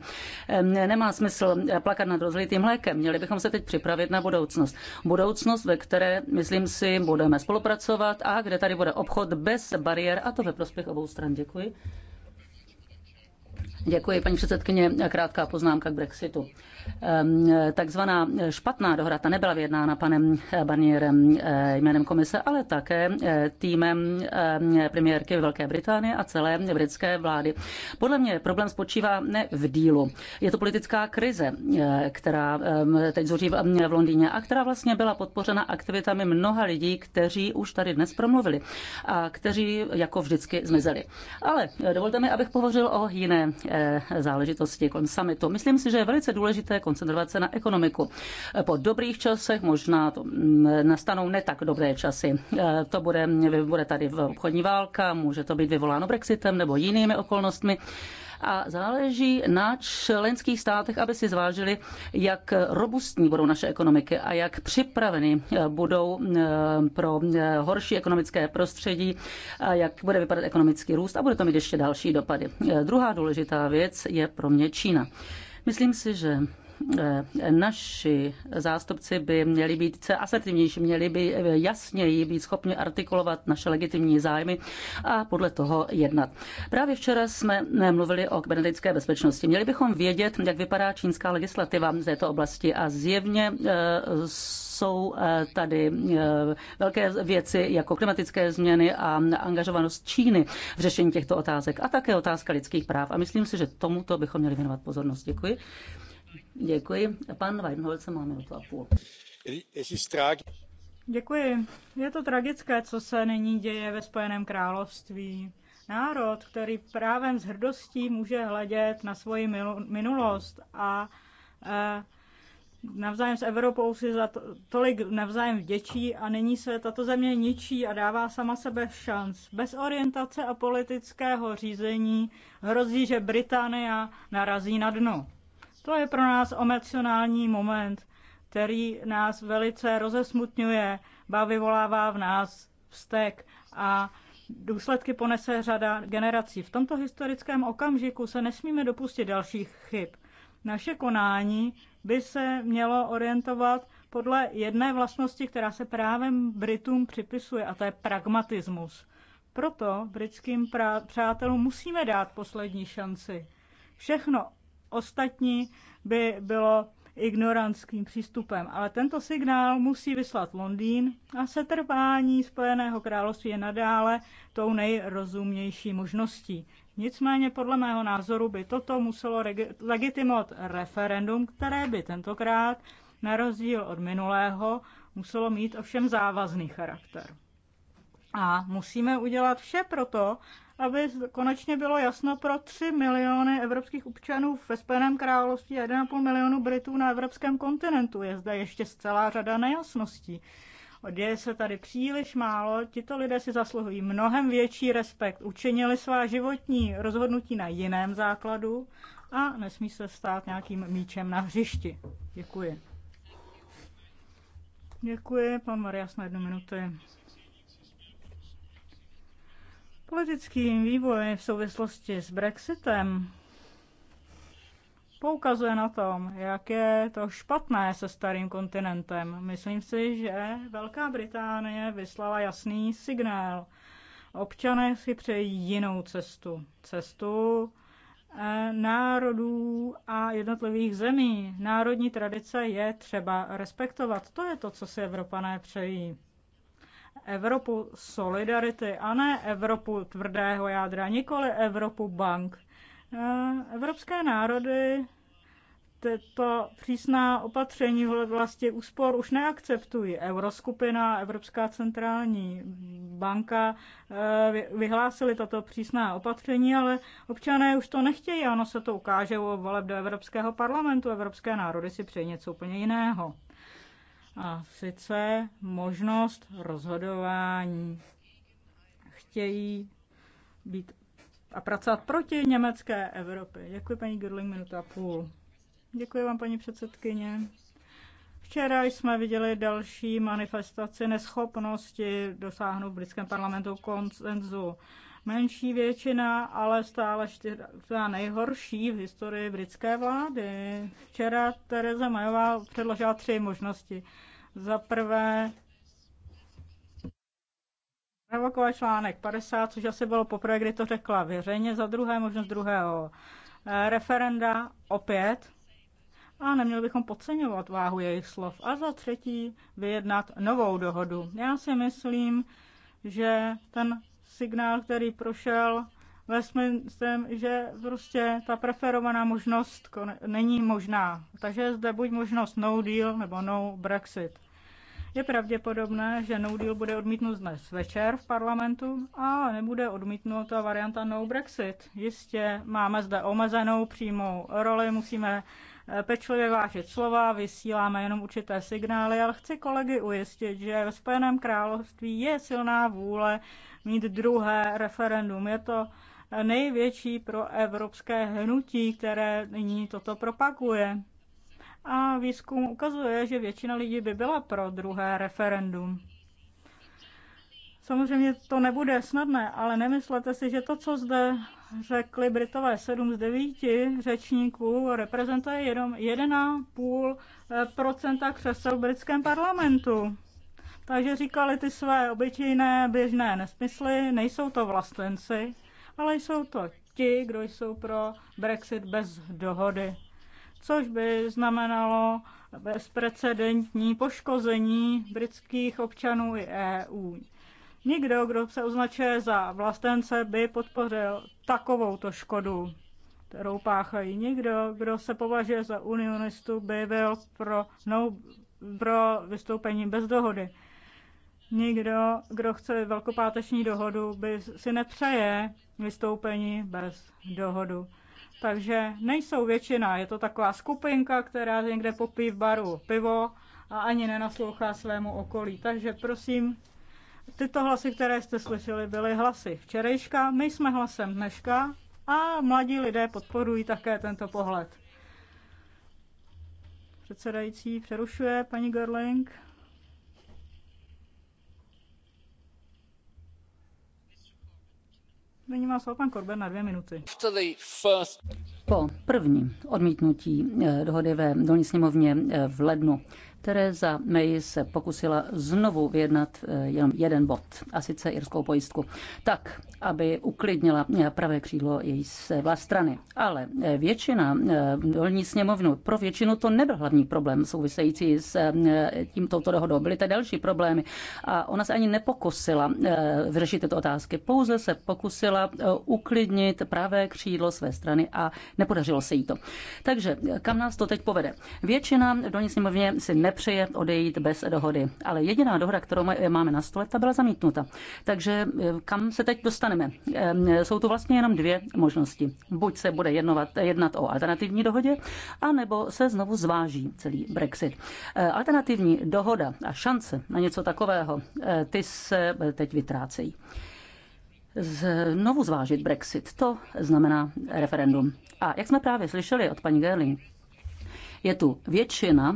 Nemá smysl plakat nad rozlitým mlékem. Měli Měli bychom se teď připravit na budoucnost. Budoucnost, ve které, myslím si, budeme spolupracovat a kde tady bude obchod bez bariér a to ve prospěch obou stran. Děkuji. Děkuji, paní předsedkyně. Krátká poznámka k Brexitu. Ehm, takzvaná špatná dohoda, ta nebyla vyjednána panem eh, Barnierem eh, jménem komise, ale také eh, týmem ehm, premiérky Velké Británie a celé britské vlády. Podle mě problém spočívá ne v dílu. Je to politická krize, která ehm, teď zuří v Londýně a která vlastně byla podpořena aktivitami mnoha lidí, kteří už tady dnes promluvili a kteří jako vždycky zmizeli. Ale dovolte mi, abych pohořil o jiné záležitosti kolem samitu. Myslím si, že je velice důležité důležité koncentrovat se na ekonomiku. Po dobrých časech možná to mm, nastanou ne tak dobré časy. E, to bude, bude tady v obchodní válka, může to být vyvoláno Brexitem nebo jinými okolnostmi a záleží na členských státech, aby si zvážili, jak robustní budou naše ekonomiky a jak připraveny e, budou e, pro horší ekonomické prostředí, a jak bude vypadat ekonomický růst a bude to mít ještě další dopady. Druhá důležitá věc je pro mě Čína. Myslím si, že Eh, naši zástupci by měli být asertivnější, měli by eh, jasněji být schopni artikulovat naše legitimní zájmy a podle toho jednat. Právě včera jsme eh, mluvili o kybernetické bezpečnosti. Měli bychom vědět, jak vypadá čínská legislativa z této oblasti a zjevně jsou tady velké věci jako klimatické změny a angažovanost Číny v řešení těchto otázek a také otázka lidských práv. A myslím si, že tomuto bychom měli věnovat pozornost. Děkuji. Děkuji. Pan Děkuji. Je to tragické, co se nyní děje ve Spojeném království. Národ, který právem s hrdostí může hledět na svoji minulost a e, navzájem s Evropou si za to, tolik navzájem vděčí a nyní se tato země ničí a dává sama sebe šanc. Bez orientace a politického řízení hrozí, že Británie narazí na dno. To je pro nás emocionální moment, který nás velice rozesmutňuje, ba vyvolává v nás vztek a důsledky ponese řada generací. V tomto historickém okamžiku se nesmíme dopustit dalších chyb. Naše konání by se mělo orientovat podle jedné vlastnosti, která se právem Britům připisuje, a to je pragmatismus. Proto britským přátelům musíme dát poslední šanci. Všechno ostatní by bylo ignorantským přístupem. Ale tento signál musí vyslat Londýn a setrvání Spojeného království je nadále tou nejrozumnější možností. Nicméně podle mého názoru by toto muselo legitimovat referendum, které by tentokrát, na rozdíl od minulého, muselo mít ovšem závazný charakter. A musíme udělat vše proto, aby konečně bylo jasno pro 3 miliony evropských občanů ve Spojeném království a 1,5 milionu Britů na evropském kontinentu. Je zde ještě celá řada nejasností. Děje se tady příliš málo, tito lidé si zasluhují mnohem větší respekt, učinili svá životní rozhodnutí na jiném základu a nesmí se stát nějakým míčem na hřišti. Děkuji. Děkuji, pan Marias na jednu minutu politickým vývojem v souvislosti s Brexitem poukazuje na tom, jak je to špatné se starým kontinentem. Myslím si, že Velká Británie vyslala jasný signál. Občané si přejí jinou cestu. Cestu eh, národů a jednotlivých zemí. Národní tradice je třeba respektovat. To je to, co si Evropané přejí. Evropu solidarity a ne Evropu tvrdého jádra, nikoli Evropu bank. Eh, Evropské národy tyto přísná opatření v vlasti úspor už neakceptují. Euroskupina, Evropská centrální banka eh, vyhlásili tato přísná opatření, ale občané už to nechtějí. Ono se to ukáže u voleb do Evropského parlamentu. Evropské národy si přejí něco úplně jiného a sice možnost rozhodování. Chtějí být a pracovat proti německé Evropě. Děkuji, paní Gerling, minuta a půl. Děkuji vám, paní předsedkyně. Včera jsme viděli další manifestaci neschopnosti dosáhnout v britském parlamentu konsenzu menší většina, ale stále čtyřá nejhorší v historii britské vlády. Včera Tereza Majová předložila tři možnosti. Za prvé revokovat článek 50, což asi bylo poprvé, kdy to řekla veřejně, za druhé možnost druhého eh, referenda opět a neměli bychom podceňovat váhu jejich slov. A za třetí vyjednat novou dohodu. Já si myslím, že ten signál, který prošel Westminsterem, že prostě ta preferovaná možnost není možná. Takže zde buď možnost no deal nebo no Brexit. Je pravděpodobné, že no deal bude odmítnut dnes večer v parlamentu, ale nebude odmítnuta varianta no Brexit. Jistě máme zde omezenou přímou roli, musíme Eh, pečlivě vážit slova, vysíláme jenom určité signály, ale chci kolegy ujistit, že ve Spojeném království je silná vůle mít druhé referendum. Je to eh, největší pro evropské hnutí, které nyní toto propaguje. A výzkum ukazuje, že většina lidí by byla pro druhé referendum. Samozřejmě to nebude snadné, ale nemyslete si, že to, co zde řekli Britové 7 z 9 řečníků, reprezentuje jenom 1,5 eh, křesel v britském parlamentu. Takže říkali ty své obyčejné běžné nesmysly, nejsou to vlastenci, ale jsou to ti, kdo jsou pro Brexit bez dohody. Což by znamenalo bezprecedentní poškození britských občanů i EU. Nikdo, kdo se označuje za vlastence, by podpořil takovouto škodu, kterou páchají. Nikdo, kdo se považuje za unionistu, by byl pro, no, pro vystoupení bez dohody. Nikdo, kdo chce velkopáteční dohodu, by si nepřeje vystoupení bez dohodu. Takže nejsou většina, je to taková skupinka, která někde popí v baru pivo a ani nenaslouchá svému okolí. Takže prosím, Tyto hlasy, které jste slyšeli, byly hlasy včerejška, my jsme hlasem dneška a mladí lidé podporují také tento pohled. Předsedající přerušuje paní Gerling. Nyní má slovo pan Korben na dvě minuty. Po prvním odmítnutí eh, dohody ve dolní sněmovně eh, v lednu Tereza May se pokusila znovu vyjednat eh, jenom jeden bod, a sice irskou pojistku, tak, aby uklidnila eh, pravé křídlo její své strany. Ale eh, většina dolní sněmovnu, pro většinu to nebyl hlavní problém související s tím touto dohodou. Byly to další problémy a ona se ani nepokusila vyřešit tyto otázky. Pouze se pokusila uklidnit pravé křídlo své strany a nepodařilo se jí to. Takže kam nás to teď povede? Většina dolní sněmovně si ne nepřeje odejít bez dohody. Ale jediná dohoda, kterou máme na stole, ta byla zamítnuta. Takže eh, kam se teď dostaneme? Eh, jsou tu vlastně jenom dvě možnosti. Buď se bude jednovat, jednat o alternativní dohodě, anebo se znovu zváží celý Brexit. Eh, alternativní dohoda a šance na něco takového, ty se teď vytrácejí. Znovu zvážit Brexit, to znamená referendum. A jak jsme právě slyšeli od paní Gerling, je tu většina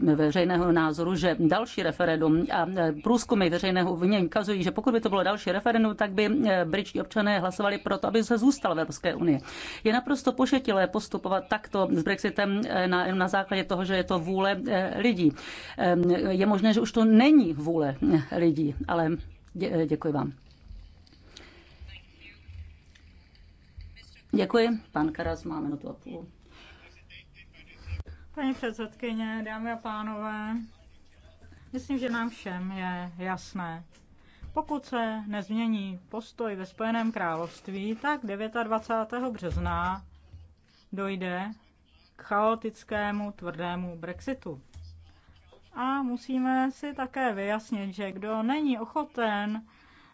veřejného názoru, že další referendum a průzkumy veřejného mě ukazují, že pokud by to bylo další referendum, tak by britští občané hlasovali pro to, aby se zůstal v Evropské unii. Je naprosto pošetilé postupovat takto s Brexitem eh, na, na základě toho, že je to vůle eh, lidí. Je možné, že už to není vůle eh, lidí, ale dě, děkuji vám. Děkuji. Pan Karas má minutu a půl. Paní předsedkyně, dámy a pánové, myslím, že nám všem je jasné. Pokud se nezmění postoj ve Spojeném království, tak 29. března dojde k chaotickému tvrdému Brexitu. A musíme si také vyjasnit, že kdo není ochoten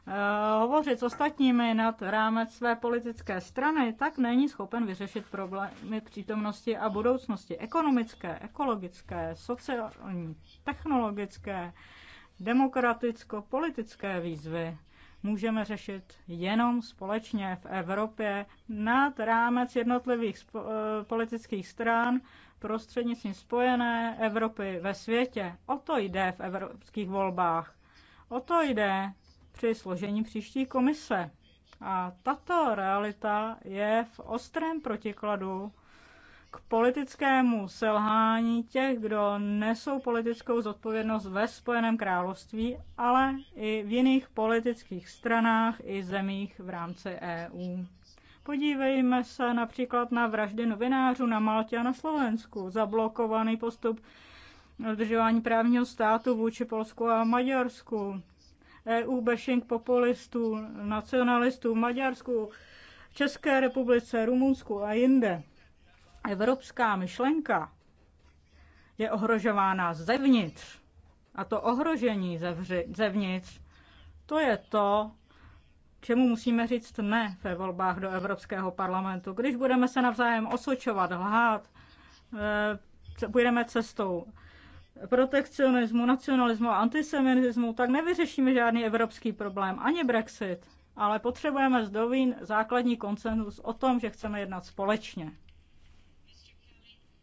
Eh, hovořit s ostatními nad rámec své politické strany, tak není schopen vyřešit problémy přítomnosti a budoucnosti ekonomické, ekologické, sociální, technologické, demokraticko-politické výzvy můžeme řešit jenom společně v Evropě nad rámec jednotlivých eh, politických stran prostřednictvím spojené Evropy ve světě. O to jde v evropských volbách. O to jde při složení příští komise. A tato realita je v ostrém protikladu k politickému selhání těch, kdo nesou politickou zodpovědnost ve Spojeném království, ale i v jiných politických stranách i zemích v rámci EU. Podívejme se například na vraždy novinářů na Maltě a na Slovensku, zablokovaný postup dodržování právního státu vůči Polsku a Maďarsku, EU bashing populistů, nacionalistů v Maďarsku, České republice, Rumunsku a jinde. Evropská myšlenka je ohrožována zevnitř. A to ohrožení zevři, zevnitř, to je to, čemu musíme říct ne ve volbách do Evropského parlamentu. Když budeme se navzájem osočovat, lhát, e, budeme cestou protekcionismu, nacionalismu a antisemitismu, tak nevyřešíme žádný evropský problém, ani Brexit. Ale potřebujeme z Dovín základní konsenzus o tom, že chceme jednat společně.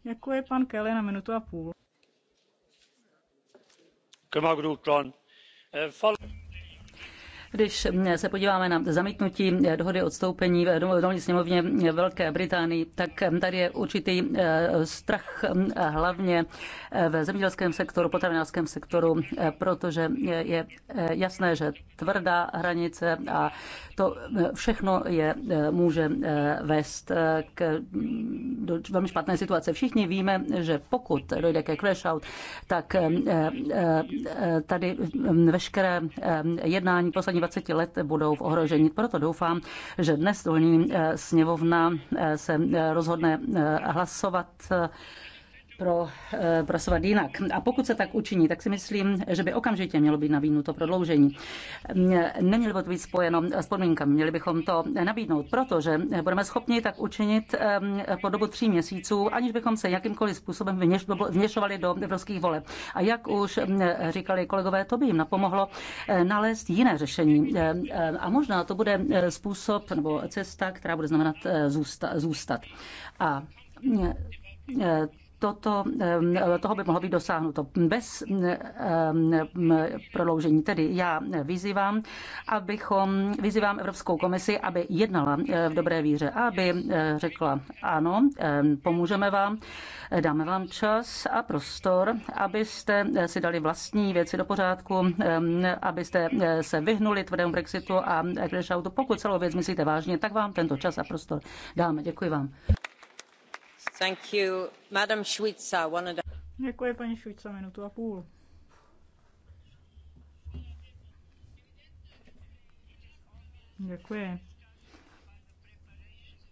Děkuji pan Kelly na minutu a půl. Když se podíváme na zamítnutí dohody odstoupení v domovní sněmovně Velké Británii, tak tady je určitý eh, strach eh, hlavně eh, v zemědělském sektoru, potravinářském sektoru, protože je jasné, že tvrdá hranice a to všechno je, může vést k mm, do velmi špatné situace. Všichni víme, že pokud dojde ke crash out, tak tady mm, veškeré jednání poslední 20 let budou v ohrožení. Proto doufám, že dnes dolní eh, sněmovna eh, se eh, rozhodne hlasovat pro, eh, prosovat jinak. A pokud se tak učiní, tak si myslím, že by okamžitě mělo být nabídnuto prodloužení. Hm, nemělo by to být spojeno s podmínkami, měli bychom to nabídnout, protože budeme schopni tak učinit eh, po dobu tří měsíců, aniž bychom se jakýmkoliv způsobem vněšovali do evropských voleb. A jak už hm, říkali kolegové, to by jim napomohlo eh, nalézt jiné řešení. A možná to bude způsob nebo cesta, která bude znamenat zůsta, zůstat. A hm, toto, toho by mohlo být dosáhnuto bez prodloužení. Tedy já vyzývám, abychom, vyzývám Evropskou komisi, aby jednala eh, v dobré víře, aby eh, řekla ano, pomůžeme vám, dáme vám čas a prostor, abyste eh, si dali vlastní věci do pořádku, abyste se vyhnuli tvrdému Brexitu a Crash Outu. Pokud celou věc myslíte vážně, tak vám tento čas a prostor dáme. Děkuji vám. Madam paní Švica, půl.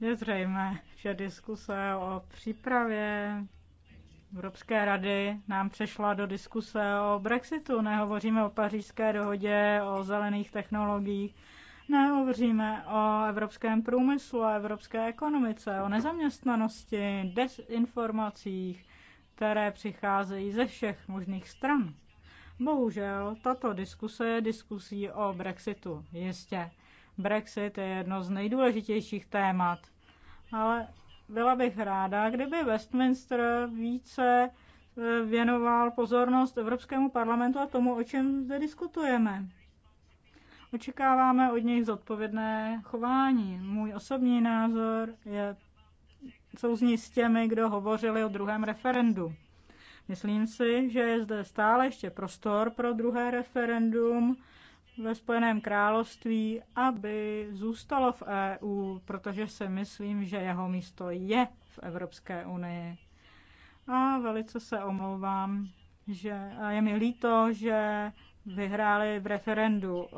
Je zřejmé, že diskuse o přípravě Evropské rady nám přešla do diskuse o Brexitu. Nehovoříme o pařížské dohodě, o zelených technologiích, hovoříme o evropském průmyslu, o evropské ekonomice, o nezaměstnanosti, desinformacích, které přicházejí ze všech možných stran. Bohužel, tato diskuse je diskusí o Brexitu. Jistě, Brexit je jedno z nejdůležitějších témat, ale byla bych ráda, kdyby Westminster více eh, věnoval pozornost Evropskému parlamentu a tomu, o čem zde diskutujeme. Očekáváme od něj zodpovědné chování. Můj osobní názor je souzní s těmi, kdo hovořili o druhém referendu. Myslím si, že je zde stále ještě prostor pro druhé referendum ve Spojeném království, aby zůstalo v EU, protože si myslím, že jeho místo je v Evropské unii. A velice se omlouvám, že a je mi líto, že vyhráli v referendu uh,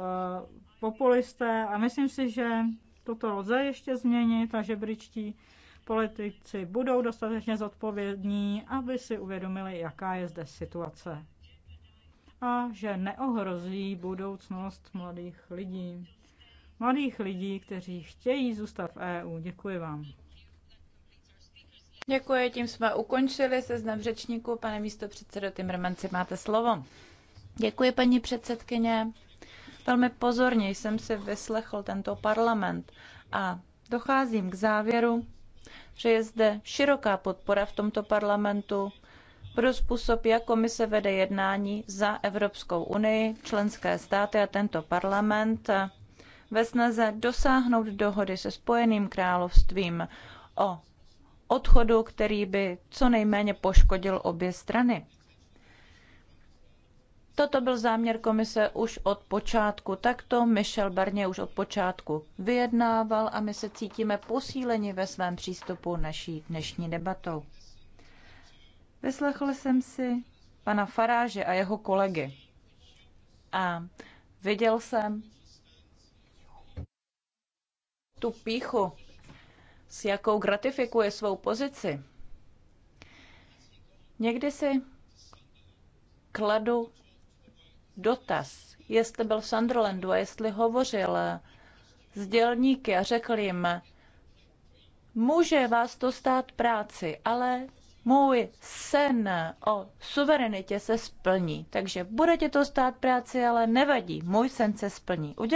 populisté a myslím si, že toto lze ještě změnit a že britští politici budou dostatečně zodpovědní, aby si uvědomili, jaká je zde situace a že neohrozí budoucnost mladých lidí. Mladých lidí, kteří chtějí zůstat v EU. Děkuji vám. Děkuji, tím jsme ukončili seznam řečníků. Pane místo předsedo Timrmanci, máte slovo. Děkuji, paní předsedkyně. Velmi pozorně jsem si vyslechl tento parlament a docházím k závěru, že je zde široká podpora v tomto parlamentu pro způsob, jak komise vede jednání za Evropskou unii, členské státy a tento parlament ve snaze dosáhnout dohody se Spojeným královstvím o odchodu, který by co nejméně poškodil obě strany. Toto byl záměr komise už od počátku. Takto Michel Barnier už od počátku vyjednával a my se cítíme posíleni ve svém přístupu naší dnešní debatou. Vyslechl jsem si pana Faráže a jeho kolegy a viděl jsem tu píchu, s jakou gratifikuje svou pozici. Někdy si kladu dotaz, jestli byl v Sunderlandu a jestli hovořil s dělníky a řekl jim, může vás to stát práci, ale můj sen o suverenitě se splní. Takže budete to stát práci, ale nevadí, můj sen se splní. Udělám